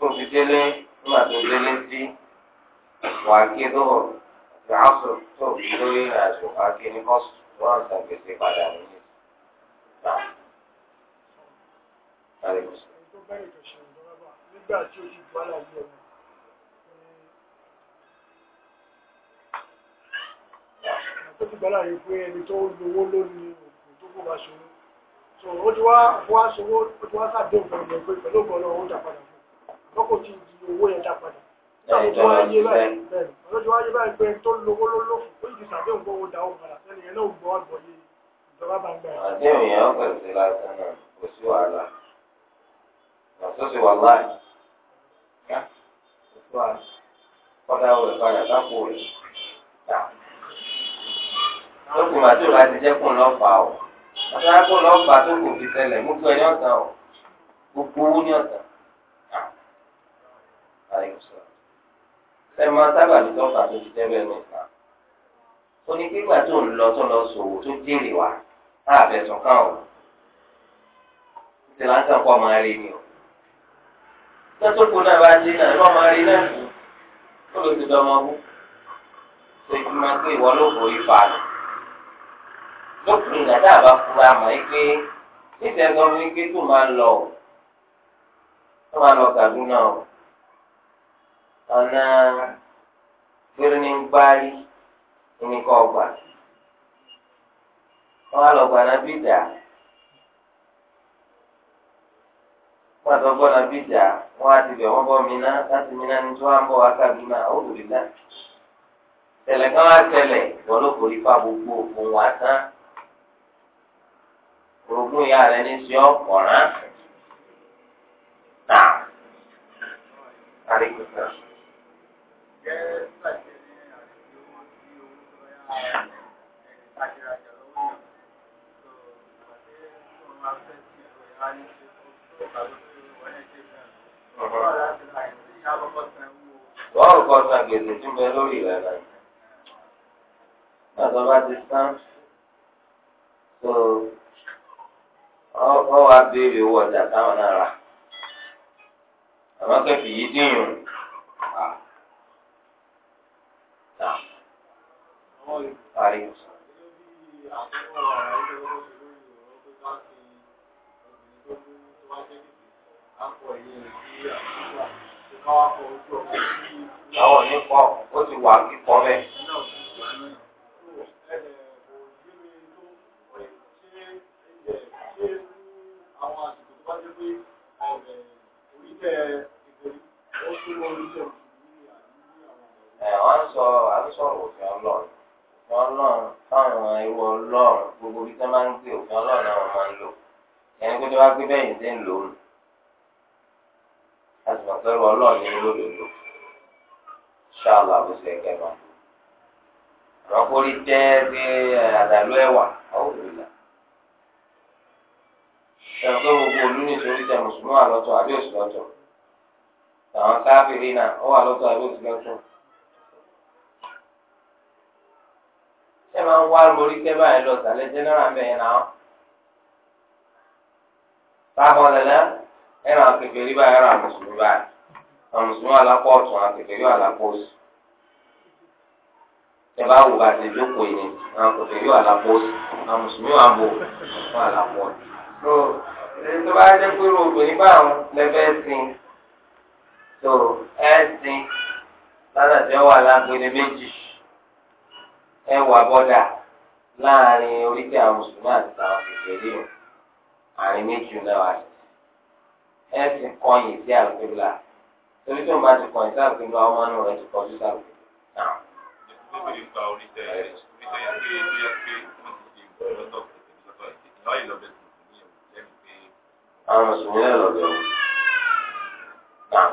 tó fi délé nígbà tó délé sí wà á gé zòwò àti asùlì tó fi lórí ìrìn àjò wà ní bọ́sù wọ́n á san gbèsè padà nìyí. Nígbà tí o ti bọ́ àlàyé ọ̀nà. tó ti gbọ́lá rí pé ẹni tó lówó lónìí òkú tó kó bá ṣòro so ó ti wá wá ṣòwò ó ti wá sàdéhùn pẹ̀lú ẹgbẹ́ pẹ̀lú ọgbọ́n náà ó dà padà fún ọkọ̀ tí di owó yẹn dà padà nígbà tó ti wá yé báyìí bẹ́ẹ̀ ọ̀dọ́ ti wá yé báyìí pé tó lówó ló lófin ó sì ti sàdéhùn pé bá ti jẹ́ kùn lọ́fà ọ̀ ọ̀sán tó lọ fà tó kò fi ṣẹlẹ̀ gbogbo ẹ̀ ní ọ̀tàn o gbogbo owó ní ọ̀tàn. Ah. sẹ́mi máa sábà ní tọ́ka tó ti tẹ́lẹ̀ ní ìta. ó ní pípa tó ń lọ tó lọ sòwò tó jèrè wá láàbẹ̀ sàn ká o. ìṣẹ̀lẹ̀ àti ọkọ̀ máa rí ni o. tẹ́tọ́kù náà bá dé náà lọ́ọ́ máa rí náà kú. ó lọ sí dọ́mọ́ bú. ṣé ìgbìmọ̀ pé ìwọ ló borí fa ni. lópin ìgbà tá a bá fura níta ẹ̀ sọ fún tó máa lọ o tó máa lọ Kaduna o ọ̀nà Birnin-Gwari oníkọ́ ọgbà wọ́n á lọ gbà náà bí dà wọ́n gbọ́ náà bí dà wọ́n á ti bẹ̀ wọ́n bọ́ mi ná láti mi ní ń bọ̀ wá ó náà kan á orogún ìyá rẹ ní sí ọ̀ràn. Náà, àríkù sàn. Bọ́ọ̀lù kan san gbèsè tí mo lórí rẹ̀ náà. Bàtà bá ti sán. So. wọ́n wá béèrè owó ọjà táwọn náà rà àwọn kẹfì yìí dìyàn. Àwọn onípọ̀ ó ti wà tó wá gbé bẹ́yìn ṣe ń lò ó asùnmọ̀sọ́rọ̀ ọlọ́run lódodo ṣáàlù àbùsọ̀ ẹ̀kẹ́ máa rọ́pòrí jẹ́ pé àdàlú ẹ̀wà ọ̀hùnmílà gbogbo jẹ́ mùsùlùmí wà lọ́tọ̀ àbí òsì lọ́tọ̀ àwọn káfíìrì náà ó wà lọ́tọ̀ àbí òsì lọ́tọ̀ ṣé máa ń wá lórí tẹ́ báyìí lọ sàlẹ̀ jẹ́nẹ́rà náà. sábà lẹ́lẹ́ ẹ̀rọ akẹfẹ̀rí báyìí ẹ̀rọ àmùsùlùmí báyìí àmùsùlùmí alápọ̀ ọ̀tún akẹfẹ̀rí alápọ̀ òsì ẹ bá wù bá ti jókòó yìí àwọn akẹfẹ̀rí alápọ̀ òsì àmùsùlùmí wà bò fún alápọ̀ òsì. tó èyí tó bá jẹ́ pé obìnrin bá àwọn lẹ́fẹ́ sin tó ẹ sin lánàá tí wà lágbèrè méjì ẹ wà bọ́dà láàrin oríkì àmùsùlùmí àti àwọn akẹfẹ̀rí yìí àárín méjì náà ẹ ti kọyìn sí àlùkìlà torí tó ń bá ti kọyìn sí àlùkìlà ọmọ inú rẹ ti kọ sí àlùkìlà náà. ìfowópamọ́ ìgbà oríṣẹ́ oríṣẹ́ yẹn pé ó yẹ pé wọ́n ti fi ìgbọ̀lọ́tọ̀ ìgbọ̀lọ́tọ̀ ìgbọ̀lọ́tọ̀ ìlọ́bẹ̀ àwọn mùsùlùmí náà lọ bẹ̀rù. Náà.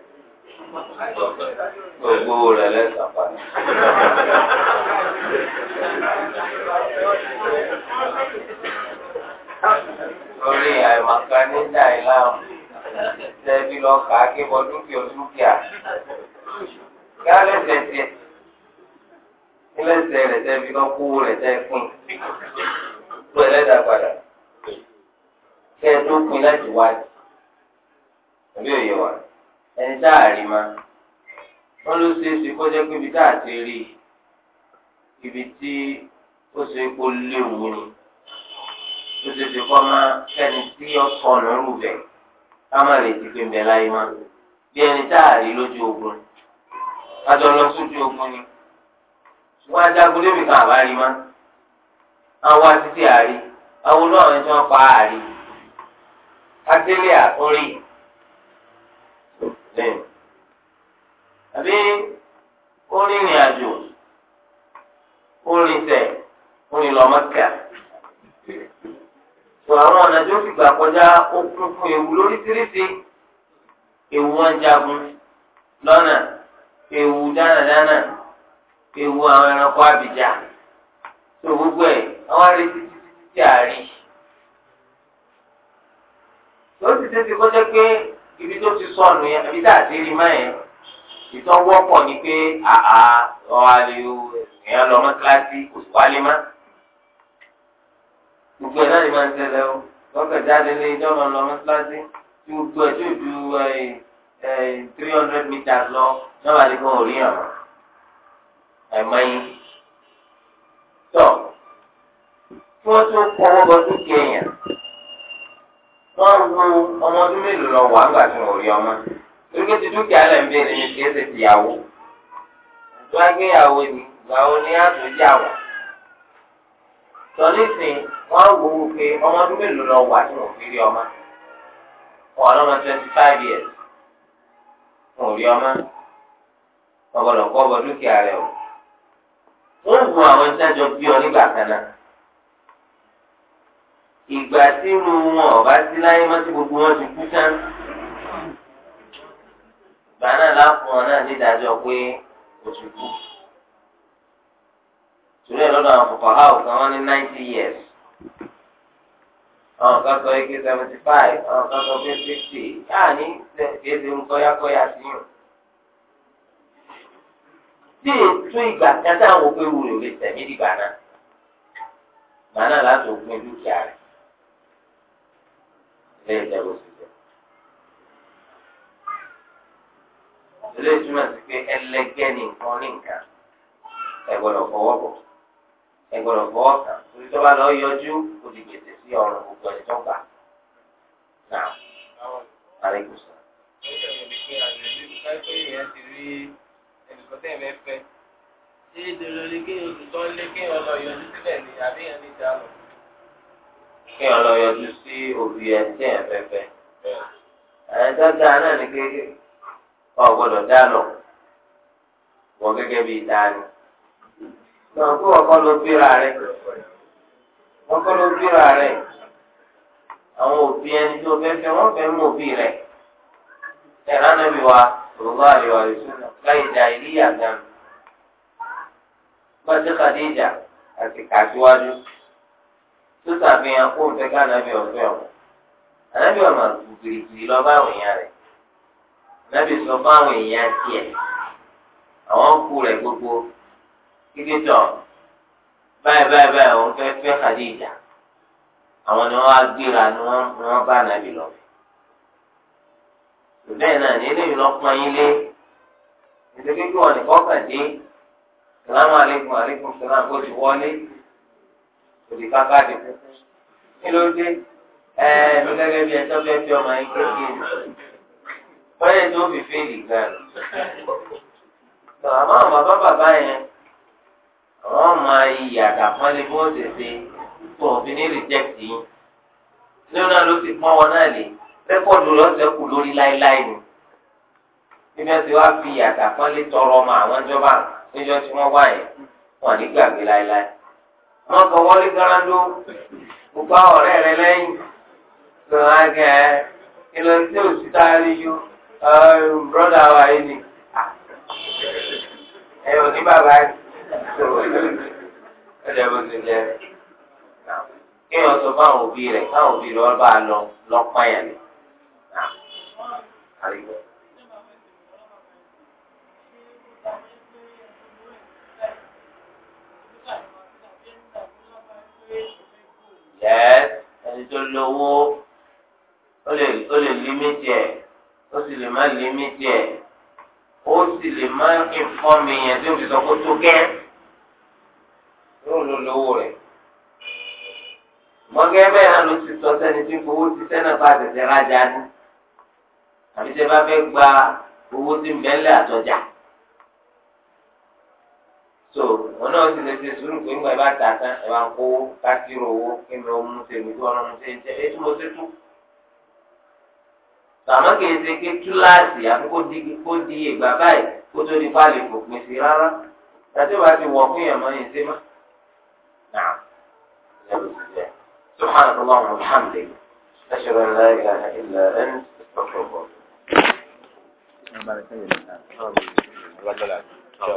gbogbo rẹ lẹsàn lórí àìmọ̀ká ní dàìláàmù tẹ́bí lọ kà á kébọ dúkìá dúkìá. gálẹ̀ tẹ̀tẹ̀ nílẹ̀sẹ̀ rẹ̀ lọ kú rẹ̀ tẹ́ fún un lẹ́dà padà kẹ́ láti wájú. àbí òye wà ẹni tá a rí ma wọn ló ṣe é ṣe kó jẹ́ pé ibi tá a ti rí ibi tí ó ṣe kó léwu ni ó ṣe ṣe kó má kẹ́ni tí ó sọnù rú bẹ̀ ká má lè ti pé ń bẹ láyé má bí ẹni tá a rí lójú ogun adọ lọ sójú ogun ni wọn ajagun débi kan àbá rí ma àwọn àti tí a rí àwọn olú àwọn ẹni tí wọn pa á rí atẹlẹ àkórí. àbí orin àjò ó rìnsẹ̀ lọ mọ́kà tó àwọn ọ̀nà tó fi gbà kọjá ó ewu lóríṣiríṣi ewu wọn jagun ewu dánadáná ewu àwọn ẹranko àbíjà tó gbogbo ẹ̀ àwọn arìsí títí àárín. tó ti kọjá ibi tó ti sọnù yẹn àbí tá rí ìtàn wọ́pọ̀ ni pé àà ọ̀hálẹ̀ èèyàn lọ mọ́tíláṣí kò sí wálé má. gbogbo ẹ̀ náà ni máa ń tẹ̀lé o lọ́kẹ̀ jáde lé ìjọ lọ lọ mọ́tíláṣí tí gbogbo ẹ̀ tó ju three hundred meters lọ náà wà ní fún orí àmọ́ ẹ̀mọ́yìn. tọ́ kí wọ́n tún kọ́wọ́ bọ dúkìá èèyàn wọ́n wo ọmọ ọdún mélòó lọ wà nígbà tí wọ́n rí ọmọ Oge ti dúkìá lẹ̀ ń béèrè ní kí ẹsẹ̀ tìyàwó. Tó wá gbé ìyàwó ni, ìgbàwo ni á tó jà wá. Sọ̀nísìn wọ́n wò ó pé ọmọ ọdún mélòó lọ wà tí wọ́n fi rí ọmọ. Wọ́n lọ́mọ twenty five years. Wọ́n ò rí ọmọ. Wọ́n kọ́ ọbọ̀ dúkìá rẹ̀ o. Wọ́n gun àwọn ìtajọ bí ọ nígbà kan náà. Ìgbà tí irun wọn ọ̀bá sí láyé mọ́ tí gbogbo wọn ti kú sáńsì gbaná láfún ọ náà nídàájọ́ pé oṣù kù torí ẹ lọ́dọ̀ àwọn fòkànhá òkan wọn ní ninety years àwọn kan sọ ike seventy five àwọn kan sọ pé sixty yáà ní kéde nkọ́yákọ́yá sí yàn tí ètò ìgbà kẹta àwọn òpè wù rè lè tẹ̀mí dìgbà náà gbaná láti òpin dúkìá rẹ̀ lẹ́yìn ìjẹ́bù sí. ilé ìtumọ̀ sí pé ẹlẹgẹ́ ni nǹkan ní nǹkan ẹ gbọ́dọ̀ fọwọ́ bọ̀ ẹ gbọ́dọ̀ fọwọ́ kàn torí tó bá lọ yọjú kò di gbèsè sí ọrùn gbogbo ẹni tó gbà náà àríkù sọ. ṣé ìdèrò lè kí olùtọ́ ni àbí ẹni dá lọ. kí ọlọ́ yọjú sí òbí ẹni tí ẹ̀ fẹ́ fẹ́. ẹ̀ẹ́dọ́gba náà ni kékeré. ọ gbọ́dọ̀ dáná wọn gẹ́gẹ́ bíi dání náà kó ọkọ ló bíra rẹ ọkọ ló bíra rẹ àwọn òbí ẹni tó mú òbí rẹ wa àríwá láyé dá ilé àti kàṣíwájú tó sàfihàn kó ká lọ bá àwọn èèyàn nàbì sọ fáwọn èèyàn tiẹ̀ àwọn kú rẹ̀ gbogbo kíkí tọ̀ báyìí báyìí báyìí òun fẹ́ fẹ́ Khadija àwọn ni wọ́n á gbéra ni wọ́n bá nàbì lọ. bẹ́ẹ̀ náà ní eléyìí lọ́pọ̀ yín lé ètò kíkí wọn nìkan kàn dé salamu aleykum aleykum salam kó ti wọlé kò ti kápá ti kú. kí ló dé ẹ̀ẹ́dẹ́gẹ́ bí ẹjọ́ bẹ́ẹ̀ fi ọmọ yín kékeré báyẹn tó fi fèlì gan àmọ́ àwọn bàbá bàbá yẹn àwọn máa yí àdàpọ́nlé bí wọ́n ti ṣe tó òfin ní rìjẹ́kìtì yín lóun náà ló ti pọ́n wọn náà lè rẹ́kọ̀dù lọ́sẹ̀ kù lórí láéláé ni níbi ẹsẹ̀ wá fi àdàpọ́nlé tọrọ ọmọ àwọn ìjọba níjọ tí wọ́n wá yẹn wọn ní gbàgbé láéláé wọ́n kọ wọlé garando gbogbo àwọn ọ̀rẹ́ rẹ lẹ́yìn lọ́wọ́ á gẹ̀ ẹ́ kí ló ń òṣìṣẹ́ àárí Um, brọ́dà wa yìí ni ẹ ò ní bàbá yìí ẹ̀jẹ̀ bó ti jẹ́ kí wọ́n sọ fún àwọn òbí rẹ̀ káwọn òbí rẹ̀ wọ́n bá a lọ lọ́pọ̀ yẹn ni. Yes, ẹni tó lówó ó lè límítì ẹ̀ ó sì lè má lé mí tiẹ̀ ó sì lè má ìfọ́mi yẹn tí ó fi sọ kó tó gẹ́ yóò lò lówó rẹ̀ mọ́gẹ́ bẹ́ẹ̀ náà ló ti sọ sẹ́ni tí owó ti sẹ́nà bá tẹ̀sẹ̀ rájà ní àbí tẹ́ bá fẹ́ gba owó tí ń bẹ́ẹ̀ lẹ́ àtọ́jà so wọn náà ti lè ṣe sùúrù pé ńgbà ẹ bá tà tán ẹ bá kó kásìrò owó kí ni ó mú sèmi tí wọn mú sèmi tẹ ẹ tí mo ṣe tún àmọ́ kì í ṣe kí túláàsì àkókò kó di ìgbà báyìí kó tó di báàlì kò pín sí rárá láti wá ti wọ̀ fún ìyàmọ́ yẹn sí má. سبحانك اللهم وبحمدك أشهد أن لا إله إلا أنت أستغفرك